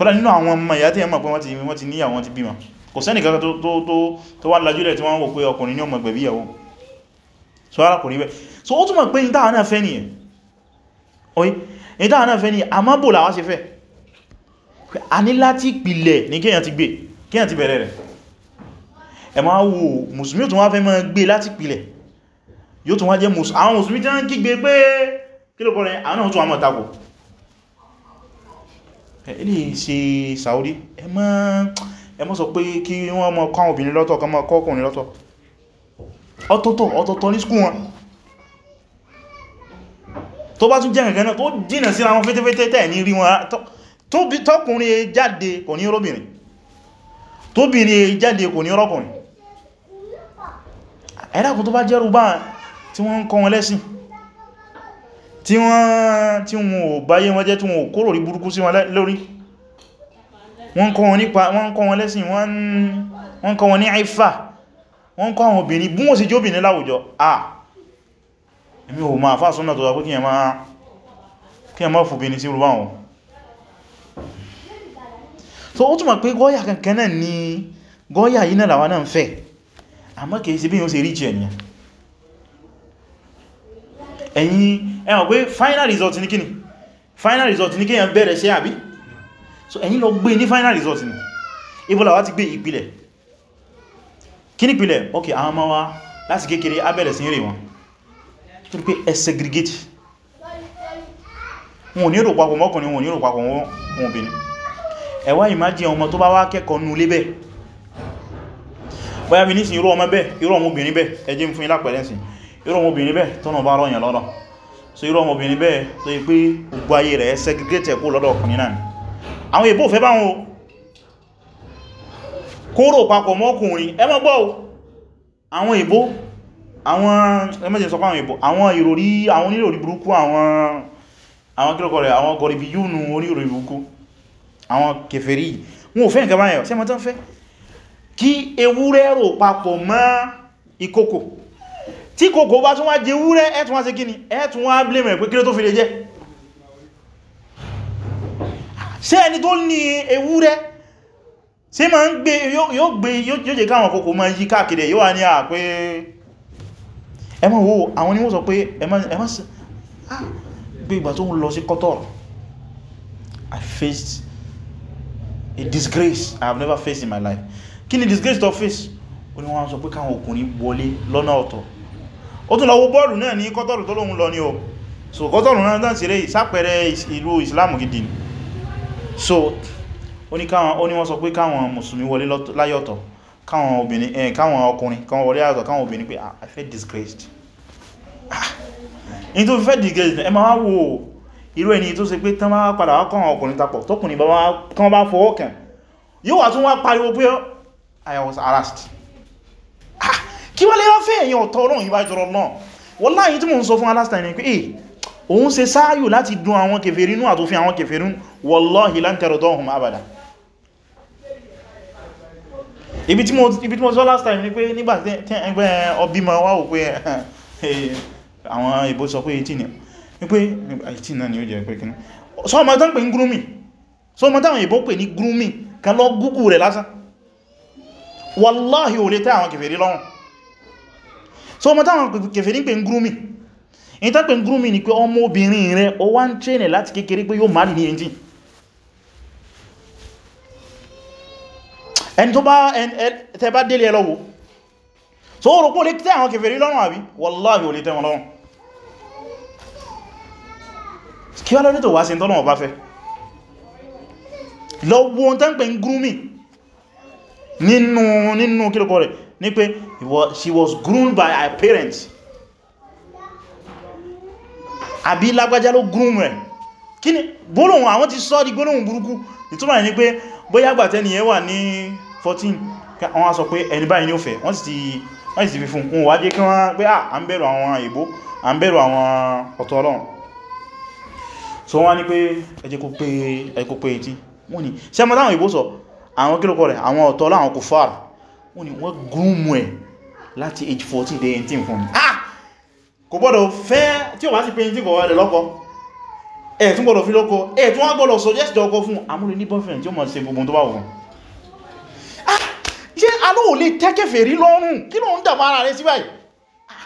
kọ́lá nínú àwọn ọmọ ìyá tí ẹmọ̀ pé wọ́n ti níyàwó wọn ti bímọ kò sẹ́nì kankan tó wá lajúlẹ̀ tí wọ́n wò pé ọkùnrin ní ọmọ gbẹ̀bí ìyàwó so ara kò rí bẹ́ẹ̀ so ó túnmọ̀ pé ìdáhà náà fẹ́ nìyẹn oye ìdáhà náà fẹ́ nìyẹn àmọ́ bò làwá ṣe fẹ́ a ní láti pìlẹ̀ ní kéèyàn ti gbé kéèyàn eléyìí ṣe Saudi ẹ má sọ pé kí wọ́n má kọ́ àwọn obìnrin lọ́tọ̀ kan má kọ́ ọkùnrin lọ́tọ̀ ọ̀tọ̀tọ̀ ọ̀tọ̀tọ̀ ní skún wọn tó bá tún jẹ́ ǹkan náà tó jìnà sí àwọn fẹ́tẹ́fẹ́tẹ́ tẹ́ ní rí wọn tọ́kùnrin e jáde kò ní róbìnrin tóbìnrin e jáde kò ní rọ́kùnrin ẹ̀dàkùn tó bá jẹ́rù bá tí wọ́n ń kọ́ wọn lẹ́sìn tí wọ́n ò báyé wọn jẹ́ tí wọ́n kóró rí burúkú sí wọn lórí wọ́n kọ́ wọn nípa wọ́n kọ́ wọn lẹ́sìn wọ́n kọ́ wọn ní àìfà wọ́n kọ́ àwọn obìnrin bí wọ́n sì jóbìnrin láwùjọ ah èmi ò máa fà ẹ̀yìn ẹwọ̀n pé final result ní kíni final result ní kíyàn bẹ̀rẹ̀ ṣe àbí so ẹ̀yìn lọ gbé e ní final result ní ibùlà wá ti gbé e, ìpìlẹ̀ kí ní ìpìlẹ̀ ok àwọn ọmọ wa láti kékeré abẹ̀rẹ̀ sí rè wọn tó rí pé ẹ segregate wọn ò ní rò papọ̀ mọ́kùnrin wọn ò ní rò papọ̀ wọn obìnrin ẹ wá imagine ọmọ tó bá wá kẹ́kọ̀ọ́ nú lé bẹ́ẹ̀ bóyá mi ní sí irú ọmọ bẹ́ẹ̀ irú ọmọ obìnrin bẹ́ẹ̀ ẹ jẹ́ fún ilápẹ̀lẹ́sìn irú ọmọbìnrin tọ́nà bá rọ̀yàn lọ́rọ̀ so irú ọmọbìnrin tó yí pé gbogbo ayé rẹ̀ segregate kó lọ́dọ̀ ọkùnrin náà àwọn ìbò fẹ́ bá wọn kóró papọ̀ mọ́kùnrin ẹ má fẹ́ nǹkan báyẹ̀ sí fẹ́ kí ewúrẹ́ papọ̀ mọ́ ìkókò tí kòkó bá tún wá jẹ wúrẹ́ ẹ̀tún wá ṣe kíni ẹ̀tún wá blame pé kílé tó fi lè jẹ́ ṣé ẹni tó ní ewúrẹ́ ṣé ma ń gbé yóò gbé yóò jẹ káwọn kòkó ma yí káàkiri yóò wá ní à pé ẹmọ wo àwọn ni wọ́n sọ pé ẹmọ pé ìgbà tó ń lọ sí Qatar I faced a disgrace I have never faced in my life kí ni disgrace to face ó ní wọ́n sọ pé káwọn ọkùnrin wọlé lọ́nà ọ̀tọ̀ ó tún lọ bọ́ọ̀lù náà ní kọ́tọ̀rù tó lóhun lọ ní o so kọ́tọ̀rù náà dáǹsì rẹ̀ ìsápẹ̀rẹ̀ ìlú Islam gidi ni so ó ní wọ́n sọ pé káwọn mùsùlùmí wọlé láyọ̀tọ̀ káwọn eh, ọkùnrin káwọn wọlé láyọ̀tọ̀ káwọn obìnrin pé ah, i feel disgraced ah, in tó disgraced ẹ ma wá i was harassed kí wọ́n lè wá fẹ́ èyàn ọ̀tọ̀ ọlọ́run ìwà ìtọ̀rọ̀ náà wọ́n láyé tí mo ń sọ fún alásìtàn ní pé èyí eh, òun ṣe sáàyù láti dun àwọn kèfèrínú àtòfin àwọn kèfèrínú wallahi lan tardohum abada ibi tí mo sọ last time ní pé nígbà tí ẹgbẹ́ ọbí ma wáwò pé eh, àwọn ìbò sọ pé 18 ní pé 18 náà ni ó jẹ́ pé kìí sọ ọmọ tán pè ní grooming sọ ọmọ wallahi ò lè tẹ́ àwọn kèfèrí lọ́rùn so ọmọ táwọn kèfèrí ń pè ń grooming in tán pè ń grooming ni pé ọmọ obìnrin rẹ o wá ń train láti kékeré pé yóò marry ní ẹnjìn ẹni tó bá tẹbá délé ẹlọ́wọ́ so ó rò pó lè tẹ́ àwọn kèfèrí lọ́rùn àbí wallahi ò lè tẹ́ wọn lọ́rùn kí wá lọ́dún tó wá sí tọ́nà ọba fẹ́ lọ́wọ́ tán ní pé she was groomed by her parents àbí lágbájá ló groom rẹ̀ kí ni gbólóhùn àwọn ti sọ di gbólóhùn burúkú ìtumọ̀ ẹ̀ ni pé bóyá gbàtẹ́ni ẹ wà ní 14 wọ́n sọ pé ẹni báyìí ni ó fẹ́ wọ́n sì ti fi fún un wájé kí wọ́n pé ah, à ń bẹ̀rù àwọn ìbò à ń bẹ̀rù àwọn ọ̀tọ̀ ọlọ́run so wọ́n ní pé ẹjẹ́ kó pé ẹjẹ́ kó pé 18 wọ́n ni sẹ́mọ́ táwọn ìbò sọ àwọn kílòkọ rẹ̀ àwọn ọ̀tọ̀ ọlọ́run kò fàárù wọ́n ni wọ́n gúnmù ẹ̀ láti age 14 dé 18 fún mi ah kò gbọ́dọ̀ fẹ́ tí o bá sì pé 18 kò wọ́dẹ̀ lọ́kọ ẹ̀ tún gbọ́dọ̀ fi lọ́kọ ẹ̀ tún wọ́n gbọ́dọ̀ suggest ọkọ fún amúlé ní boyfriend tí ó mọ̀ ṣe gbogbo tó bá wù ah ṣe alóò lè tẹ́kẹ̀fẹ̀ rí lọ́rùn kí ló ń dàmọ́ ara rẹ̀ sí báyìí ah!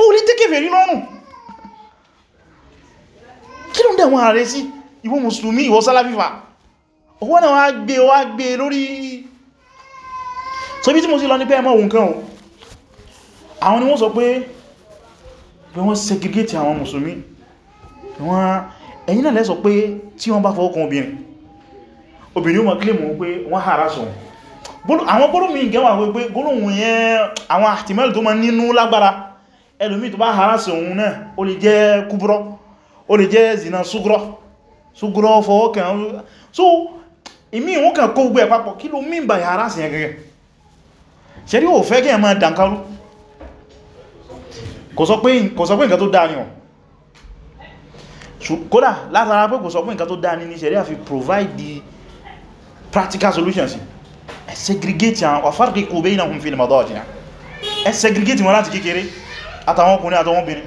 ó lè tẹ́kẹ̀fẹ̀ rí lọ́rùn kí ló ń dàmọ́ ara rẹ̀ sí ìwọ mùsùlùmí ìwọ so bí tí mo sí lọ ní pé ẹmọ́ ohun kan ohun àwọn ni wọ́n sọ pé pé wọ́n segregate àwọn mùsùlùmí wọ́n ẹ̀yìn náà lẹ́sọ pé tí wọ́n bá fọ́ọ̀kan obìnrin obìnrin ó ma claim wọn pé wọ́n hara sọ àwọn gbólóhùn yìí gẹ́wà pé gbólóhùn yẹn àwọn àtìmẹ́lì tó ma nínú lágbára ẹlòmí tó bá hara sí òun náà so imi ìwọ́n kan kó gbẹ́ papọ̀ kí ló mean by hara sí ṣe rí ò fẹ́ kí ẹ máa dànkárú kò sọ pé nǹkan tó dáa ni ọ̀ kódà látara pé kò sọ pé nǹkan tó dáa ni ní ṣẹ̀ríà fi provide the practical solutions ẹ segregate àwọn wàfárikò bẹ́ ìnà fún mọ̀dọ́ ọ̀jìnà ẹ segregate wọn láti kékeré àtàwọn ọkùnrin àtàwọn obìnrin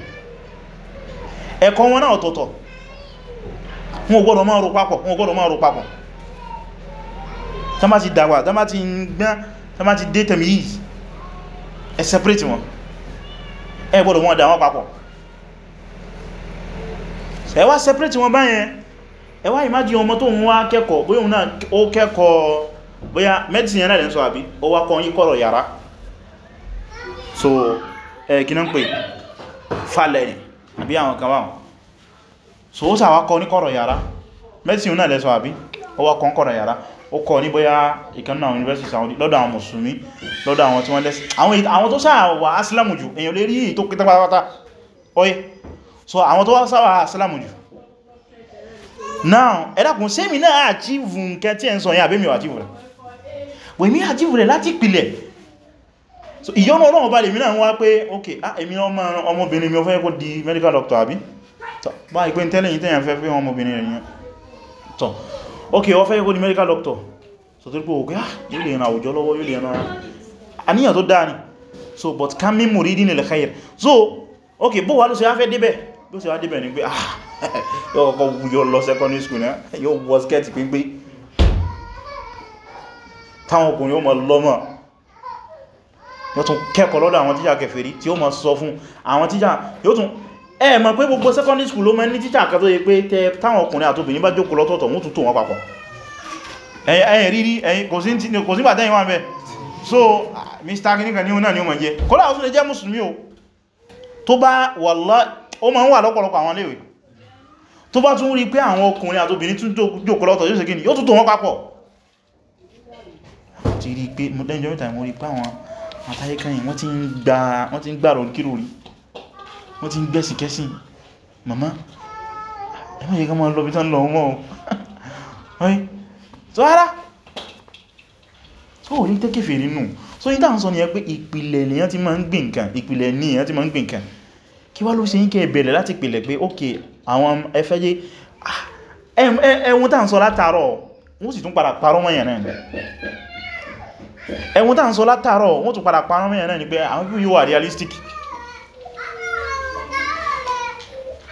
ẹ̀kọ́ wọn náà ọ̀tọ̀ọ̀tọ̀ wọn ò gbọ́dọ̀ máa rò papọ̀ wọn ò gbọ́dọ̀ máa rò papọ̀ tá má ti dàgbà tá má ti gbọ́n tó má ti dé tẹ̀mí yìí ẹ separate wọn ẹ gbọ́dọ̀ wọn dà wọn papọ̀ ẹ wá separate wọn báyẹn ẹ wá ìmájí ọmọ tó ń wá kẹ́kọ̀ọ́ bóyá òun náà ó kẹ́kọ̀ọ́ bóyá medicine yẹn náà lẹ́nṣọ́ àbí ó wá kọ́ yí kọ́rọ̀ yàrá so ẹ̀kìnà ń pè falẹ̀ ni àbí àwọn kan báwọn so ó sàwá kọ́ ní kọ́rọ̀ yàrá medicine náà lẹ́nṣọ́ àbí ó wá kọ́ kọ́rọ̀ yàrá ó kọ́ ní bóyá ìkan náà university Saudi lọ́dọ̀ àwọn mùsùlùmí lọ́dọ̀ àwọn tí wọ́n lẹ́sì àwọn tó sáà wà jù èyàn lè rí tó kítà pátápátá oye so àwọn tó sáà wà asìlámù jù now ẹ̀dàkùn sí mi náà àjíìvù nkẹ tí ẹ ń sọ yẹn àbẹ́mì àjíìvù rẹ̀ wẹ̀ mí rẹ̀ láti pìlẹ̀ so ìyọ́nà ọlọ́run bá lè mí náà wá pé ok ah, èmi ọmọbìnrin mi ò fẹ́ kó di medical doctor àbí tọ́ bá ìpé ń tẹ́lẹ̀ yìí tẹ́yàn fẹ́ fẹ́ ọmọbìnrin rẹ̀ yẹn tọ́ ok ó fẹ́ kó ní medical doctor so tó rí pé ògbé ah yóò lè ran àwùjọ lọ́wọ́ yóò lè ran àníyàn tó dáa ni so but ká mí mú rí dínà lè khair so ok bó wà ló ṣe á fẹ́ débẹ̀ bó ṣe wá débẹ̀ ni pé ah yóò kọ́kọ́ wuyọ lọ secondary school náà yóò wọ skẹ́ẹ̀tì pínpín táwọn ọkùnrin ó mọ̀ lọ́mọ̀ yóò tún kẹ́kọ̀ọ́ lọ́dọ̀ àwọn tíjà kèfèrí tí ó mọ̀ sọ fún àwọn tíjà yóò tún ẹ mọ̀ pé gbogbo secondary school ló mẹ́ ní teacher kan tó yẹ pé táwọn ọkùnrin àtòbìnrin bá jókòó lọ́tọ̀ọ̀tọ̀ wọ́n tún tò wọ́n papọ̀ ẹ̀yìn rírí ẹ̀yìn kò sí bàtẹ́yìn wà mẹ́ so mr kìníkà ní ọ̀nà ni ó mọ̀ jẹ́ kọ́lá ó tún lè jẹ́ o tó bá wàlá ó ma ń wà lọ́pọ̀lọpọ̀ àwọn léèwé tó bá tún rí pé àwọn ọkùnrin àtòbìnrin tún jókòó lọ́tọ̀ yóò ṣe kíni yóò tún tò wọ́n papọ̀ ti rí pé mo dẹ́jọ́ mẹ́ta mo rí wọ́n ti ń gbẹ́sìn kẹ́sìn màmá ẹmọ́ yẹ ká máa lọ bí tán lọ mọ́ ọ̀hún tó rárá tó rí tẹ́kẹ̀fẹ̀ nínú so ní tàà ń sọ ni ẹ pé ìpìlẹ̀ lèyàn ti máa ń gbìn kan ìpìlẹ̀ ní èyàn ti máa ń gbìn kan kí wá ló ṣe yínkẹ́ ìbẹ̀rẹ̀ láti pìlẹ̀ pé ok àwọn ẹfẹ́yé ah, ẹwọ́n tàà ń sọ látàárọ̀ wọ́n sì tún padà parọ́ mọ́yàn náà ẹwọ́n tàà ń sọ látàárọ̀ wọ́n tún padà parọ́ mọ́yàn náà ni pé àwọn people you are realistic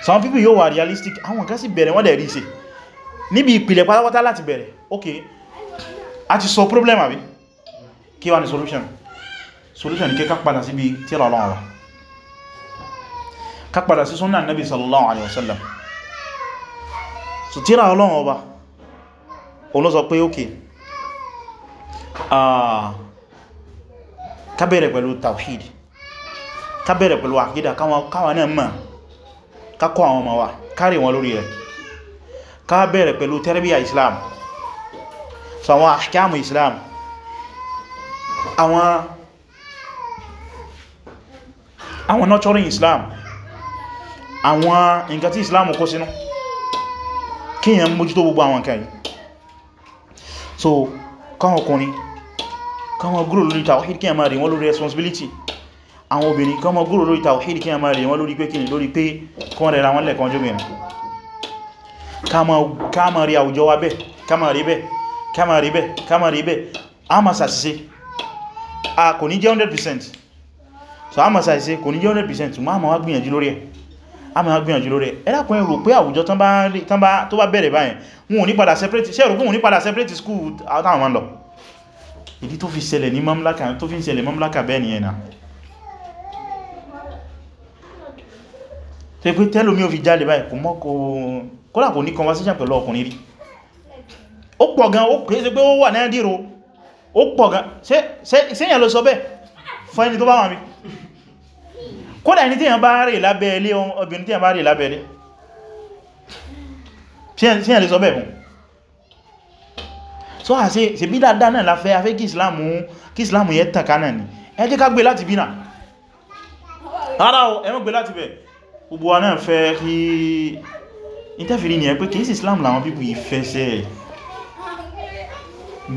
some people yóò wà realistic àwọn kan sì bẹ̀rẹ̀ wọ́n dẹ̀ rí ṣe níbi ìpìlẹ̀ pátápátá láti bẹ̀rẹ̀ ok a ti sọ problem àbí kí wá ní solution solution kí ká padà sí bí tírà Ọlọ́run wa ká padà sí sunnah nabi sallallahu alaihi wasallam so tírà Ọlọ́run ọba olóso pé ok ah, ká bẹ̀rẹ̀ pẹ̀lú tawhid ká bẹ̀rẹ̀ pẹ̀lú àkídà káwọn náà ká kọ́ àwọn ọmọ wa kárí wọn lórí rẹ̀ ká bẹ̀rẹ̀ pẹ̀lú tẹ́rẹ́bíyà islam so àwọn ahkamu islam àwọn àwọn nurturing islam àwọn nǹkan tí islam kó sínú kíyàn mójútó gbogbo àwọn nǹkan yìí so káwọn ọkùnrin káwọn gúrò lórí tàwọn kíyàn máa rí wọn lórí responsibility àwọn obìnrin kan mọ́ gúrò lórí tawhid kí a máa lè wọ́n lórí pé kíni lórí pé kán rẹ̀ ra wọ́n lẹ́kan jómìnà ká ma rí àwùjọ wa bẹ́ ká ma rí bẹ́ ká ma rí bẹ́ ká ma rí bẹ́ a ma sàṣìṣe a kò ní jẹ́ 100% so a ma sàṣìṣe kò ní jẹ́ 100% ma ma wá gbìyànjú lórí ẹ̀ a ma wá gbìyànjú lórí ẹ̀ ẹlákùnrin rò pé àwùjọ tó bá bẹ̀rẹ̀ báyẹn wọn ò ní padà separate ṣe rògbò wọn ò separate school àtàwọn ma lọ ìdí tó fi ṣẹlẹ̀ ní mamlaka tó pé tẹ́lómí ò fi jáde báyìí kò mọ̀ kódà kò ní conversation pẹ̀lú ọkùnrin rí ó pọ̀ gan ó pèsè pé ó wà náà dìrò ó pọ̀ gan sẹ́yìn ló sọ bẹ́ẹ̀ fún ẹni tó bá wà mí kódà ẹni tí yàn bá rẹ̀ lábẹ́ ilé obìnrin tí yàn bá rẹ̀ lábẹ́ ilé sẹ́yìn ló sọ bẹ́ẹ̀ fún so a se se bí dáadáa náà láfẹ́ afẹ́ kí islamu kí islamu yẹ tàn kánà ni ẹ jẹ́ ká gbé láti bí náà ara o ẹ má gbé láti bẹ̀ gbogbo wa náà fẹ́ rí ìtẹ́fìrí ni ẹ pé kìí sí Islam làwọn pípù ìfẹsẹ̀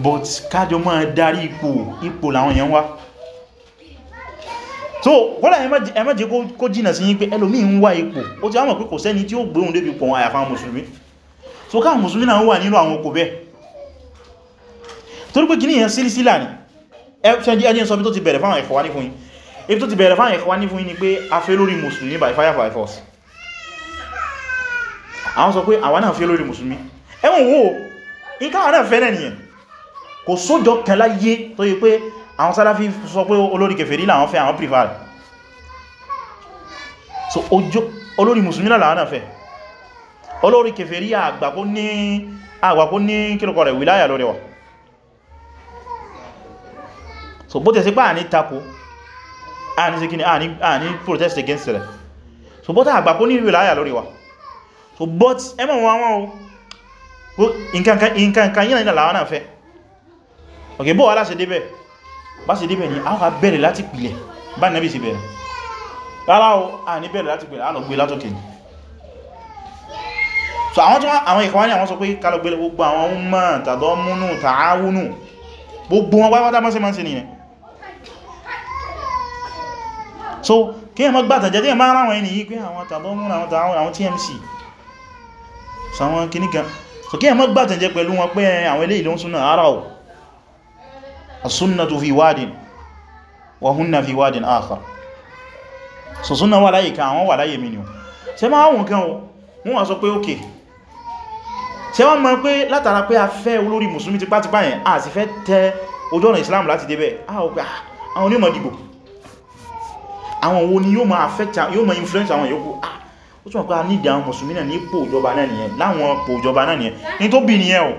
but kájọ máa darí ipò ipò làwọn yẹn wá so wọ́n láyé ẹmẹ́jẹ kó jìnà sí yí pé ẹlòmí ń wá ipò ó ti àwọn pé kò sẹ́ni tí ó gbóhun débi pọ̀ àyàfà mùsùlùmí so káà mùsùlùmí náà wà nílò àwọn okò bẹ́ẹ̀ torí pé kìí yẹn sílísílà ní ẹjẹ́ sọ bí tó ti bẹ̀rẹ̀ fáwọn ẹ̀kọ̀wá ní fún yín ibi tó ti bẹ̀rẹ̀ fáyẹ̀ wá ní fún ní pé a fẹ́ lórí mùsùlùmí by fire by force àwọn sọ pé àwa náà fẹ́ lórí mùsùlùmí ẹwọ̀n wo nǹkan àwọn náà fẹ́ náà nìyẹn kò sójọ kan láyé tó yí pé àwọn Salafi sọ pé olórí kèfèrí làwọn fẹ́ àwọn prefer so ojo olórí mùsùlùmí làwọn náà fẹ́ olórí kèfèrí àgbàkó ní àgbàkó ní kílùkọ rẹ̀ wìláyà lórí wa so bó tẹ̀ sí ní tako a ní síkíní a ní protest against rẹ̀ so but àgbàpọ̀ ní ìwé láyà lórí wa so but ẹmọ̀ wọn wọn o nkankan yína nílà láwọn náà fẹ́ ok bọ́ wà láṣẹ débẹ̀ bá ṣe débẹ̀ ni a wà bẹ̀rẹ̀ láti pìlẹ̀ bá nẹ́bí sí bẹ̀rẹ̀ rárá o a ní bẹ̀rẹ̀ láti pìlẹ̀ a lọ gbé látọ̀kẹ́ ni so àwọn tó àwọn ìkọwàní àwọn sọ pé kálọ̀gbẹ̀lẹ̀ gbogbo àwọn ọmọ tàdọ́múnù tààwúnù gbogbo wọn wáyé wátá mọ́sí mọ́sí nìyẹn so kí èyàn mọ́ gbàtàjẹ́ tí èyàn máa ráwọn ẹni yìí pé àwọn tàbọ́mún àwọn tmc sàwọn kìníkan so kí èyàn mọ́ gbàtàjẹ́ pẹ̀lú wọn pé eh, àwọn ilé ìlú súnà ara ọ̀ as-sunnatu fi wádìn wa hunna fi wádìn akhar so súnà wà láyé kan àwọn wà láyé mi ni ṣe máa wọn kan wọn wà sọ pé ókè ṣe wọ́n mọ̀ pé látara pé a fẹ́ olórí mùsùlùmí tipátipá yẹn a sì ah, àwọn onímọ̀ dìbò àwọn wo ni yóò máa affect yóò máa influence àwọn yòókù ah ó túnmọ̀ pé a ní ìdí àwọn mùsùlùmí náà ní ipò ìjọba náà nìyẹn láwọn ipò ìjọba náà nìyẹn ní tó bí nìyẹn o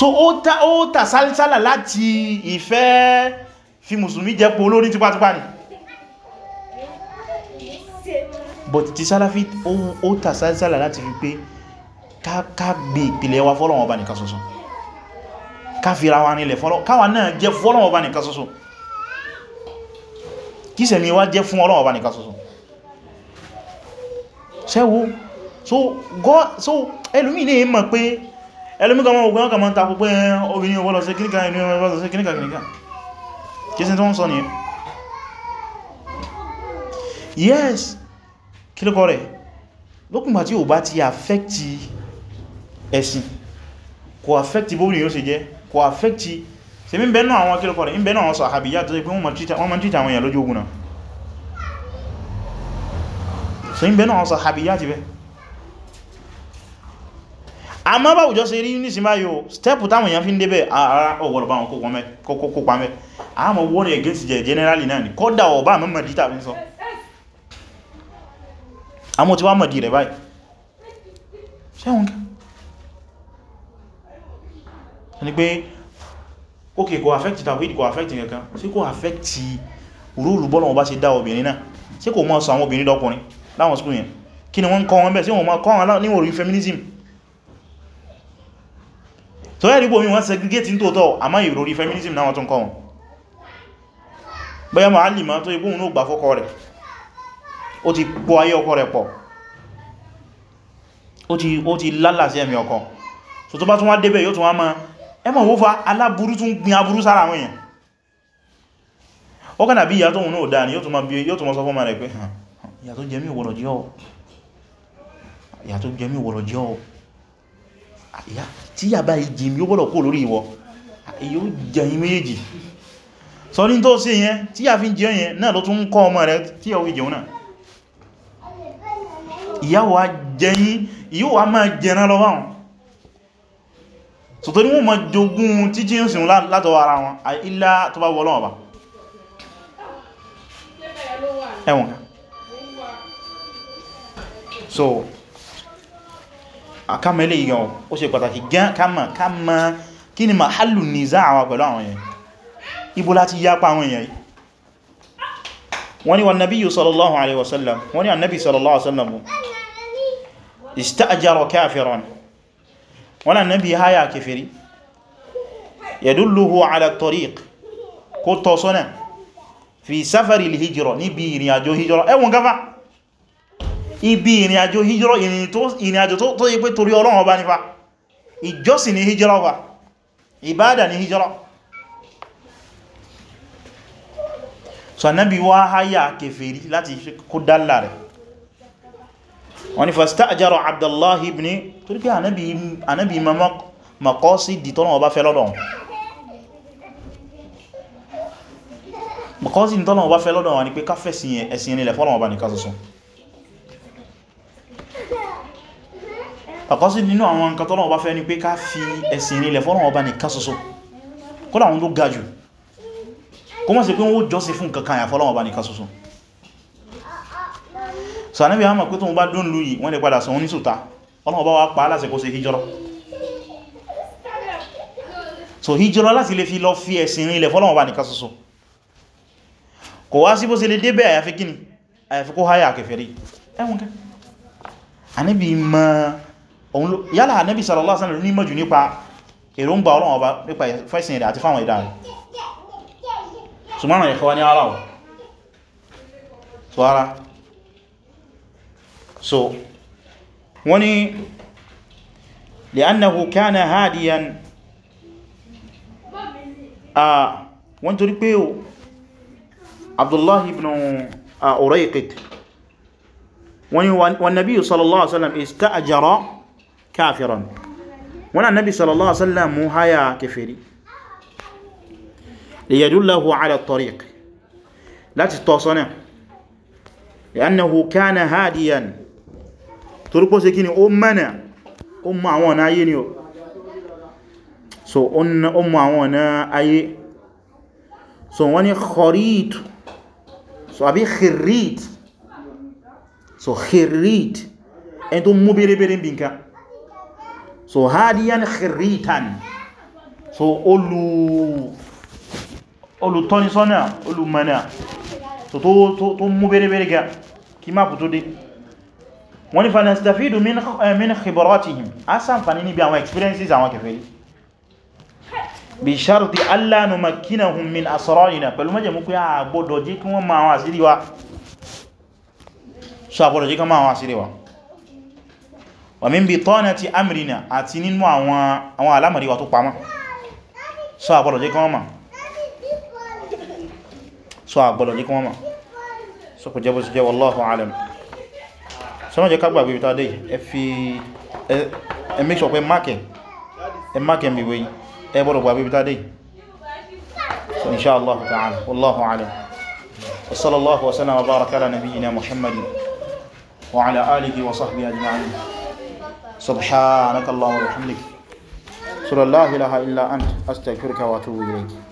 so ó ta ó ta sálísálà láti ìfẹ́ fi mùsùlùmí jẹ́pọ̀ olórí tipátipá ni but ti sálàfí ó ta sálísálà láti fi pé ká gbé ìpìlẹ̀ wa fọ́lọ̀wọ̀n ọba nìkan ṣoṣo ká fi ra wa nílẹ̀ fọ́lọ̀wọ̀n náà jẹ́ fọ́lọ̀wọ̀n ọba nìkan ṣoṣo kí sẹ̀mí wá jẹ́ fún Ọlọ́run Ọba nìkan ṣoṣo ṣẹ́wó so ẹlòmí lè mọ̀ pé ẹlòmí kan ogun kan mọ́ ta púpẹ́ obìnrin ọwọ́ sí kíníkà inú ọwọ́ lọ sí kíníkà kíníkà kí tó ń sọ ní yes kílùkọ rẹ̀ lókùnbà tí ò bá ti affecti ẹ̀sìn kò affecti bóbìnrin yóò ṣe jẹ́ se mi bẹ̀rẹ̀ àwọn kílùkọ̀ rẹ̀ ìbẹ̀rẹ̀ àwọn sàhàbíyà tó ṣe pé wọ́n ma títà àwọn èèyàn lójú ogun náà so ìbẹ̀rẹ̀ àwọn sàhàbíyà ti se rí nísìn bá yóò step táwọn èèyàn fi ń débẹ̀ ara ọ̀wọ̀lọ̀ bá wọn kókó pamẹ́ a mọ̀ wọ́n ni against jẹ generally náà ni kódà ọba mọ́mọ̀ dítà fi ń sọ àmọ́ tí wá mọ̀ dí rẹ̀ báyìí ṣẹ́wọ̀n ká ok kò affect tawhid kò affect nǹkan sí kò affect rúrù bọ́lọ̀ wọn bá ṣe dá obìnrin náà sí kò mọ́ sọ àwọn obìnrin lọ́kùnrin láwọn school yẹn kí ni wọ́n kọ́ wọn bẹ́ẹ̀ sí wọ́n máa kọ́ wọn ní orí feminism tó yẹ́ rígbò mi wọ́n segregate nítòótọ́ àmá ìròrí feminism náà tó ń kọ́ wọn bẹ́yẹ̀ máa lè máa tó igbóhun náà gbà fọ́kọ rẹ̀ ó ti pọ̀ ayé ọkọ rẹ̀ pọ̀ ó ti lálàsí ẹ̀mí ọkọ so tó bá tún wá débẹ̀ yóò tún wá máa ẹmọ̀ wó fa aláburú tún gbin aburú sára àwọn èèyàn ó kàdà bí ìyà tó hùn náà dáa ni yóò tó mọ́ sọ fọ́mà rẹ̀ pé ìyà tó jẹmí ìwọ̀rọ̀ jẹ́ ọ́ ìyà tó jẹmí ìwọ̀rọ̀ jẹ́ ọ́ ìyà tí ìyà bá ìjì mi ó gbọ́dọ̀ kó lórí ìwọ yóò jẹ yí méjì sọ ní tó sí yẹn tí ìyà fi jẹ yẹn náà ló tún ń kọ́ ọmọ rẹ̀ tí ìyà ó jẹun náà ìyà wa jẹyìn yóò wá máa jẹran lọ́wọ́ so torí wọ́n ma jogún tí jíǹsì látọwọ́ ara wọn ilá tó bá wọ́lọ́ ọba ẹwọ̀n ká so àkámẹ́lẹ̀ ìyàn ó ṣe pàtàkì gán kama kama kí ni mahallu niza àwọn pẹ̀lú àwọn ibo láti yapa àwọn èèyàn yìí wọ́n nabi sallallahu alaihi wasallam wọ́n ni annabi sallallahu alaihi wasallam ista'jara kafiran wọ́n na nábi háyà kèfèrí yadulluhu ala tariq kó tọ́ sọ́nà fi sáfàrí lè hijira níbi ìrìnàjò hijira ẹwùn gafa ibi ìrìnàjò hijira ìrìnàjò tó yí pé torí Ọlọ́run ọba nípa ìjọsìn ni hijira wa ìbádà ni hijira so annabi wá háyà kèfèrí láti kó wọ́n ni fasta ajaro abdullahi ibn torí pé anábi makọ́ sí dìtọ́nà ọba fẹ́ lọ́dọ̀ makọ́ sí dìtọ́nà ọba fẹ́ lọ́dọ̀ wọn ni pé káfẹ́ sí ẹ̀sìn ilẹ̀ fọ́lọ̀ ọba nìkan sọ́sọ́ makọ́ sí nínú àwọn nǹkan tọ́nà ọba fẹ́ ni pé ká fi ẹ̀sìn ilẹ̀ fọ́lọ̀ ọba nìkan sọ́sọ́ kọ́lá àwọn tó ga kó mọ́ sí pé wọ́n jọ́sí fún kankan àyàfọ́lọ̀ ọba nìkan sọ́sọ́ so anábi hama pé tó ń bá dún lú yìí wọ́n lè padà sọ ní sùta ọlọ́wọ́ bá wá pa láti kó ṣe hijrọ́ so hijrọ́ láti lè fi lọ fi ẹ̀sìn rí ilẹ̀ fọ́lọ́wọ́ bá nìkan ṣoṣo kò wá sí bó ṣe lè débẹ̀ àyàfi kíni àyàfi kó háyà kèfèrí ẹwùn kẹ́ anábi ma yálà anábi sallallahu alaihi wasallam ní mọ́jù nípa èròǹgbà ọlọ́wọ́ bá nípa fẹ́sìn rẹ̀ àti fáwọn ìdá rẹ̀ sùmọ́ràn ẹ̀kọ́ wa ní ara ọ̀ so ara so wọ́n ni li'annahu kana hadiyan a wọ́n torí pé o abdullahi ibn urayqit wọ́n ni wọ́n nabi sallallahu alaihi wasallam ista'jara kafiran wọ́n na nabi sallallahu alaihi wasallam mú haya kèfèrí liyadullahu ala at-tariq láti tọ́ sọ́nà li'annahu kana hadiyan torípò ṣe kí ni ó mẹ́nà ó mọ àwọn ọ̀nà ayé ni ó so ó mọ àwọn ọ̀nà ayé so wọ́n ni kharit so àbí khirit so khirit ẹni tó mú bèrèbèrè bí nǹkan so hadiyan khiritan so olù olùtọ́nisọ́nà olùmọ̀nà so tó mú bèrèbèrè ga kí máa kù tó dé wọ́n ní fanastafidu min eh, khibaratihim a sàǹfàní níbi àwọn experiences àwọn kèfèrí bí ṣarti allanu makinahum min asrarina pẹ̀lú mẹ́jẹ̀mú pé a gbọ́dọ̀ jẹ́ kí wọ́n máa wọ́n àṣírí wa so a gbọ́dọ̀ jẹ́ kí wọ́n máa wọ́n àṣírí wa wa min bitanati amrina àti nínú àwọn alámàrí wa tó pamọ́ so a gbọ́dọ̀ jẹ́ kí wọ́n jẹ́ wọ́n máa so sọ́nà jẹ́ kágbàgbé ìta dé ẹ fi ẹ make sure pé marking ẹ marking bí wéyí ẹ gbọ́dọ̀ gbàgbé ìta dé so inshallah ta'ala wallahu alam wa sallallahu wa sallam wa baraka ala nabiyyina muhammadin wa ala alihi wa sahbihi ajma'in subhanakallahumma wa bihamdika sallallahu ilaha illa anta astaghfiruka wa atubu ilayk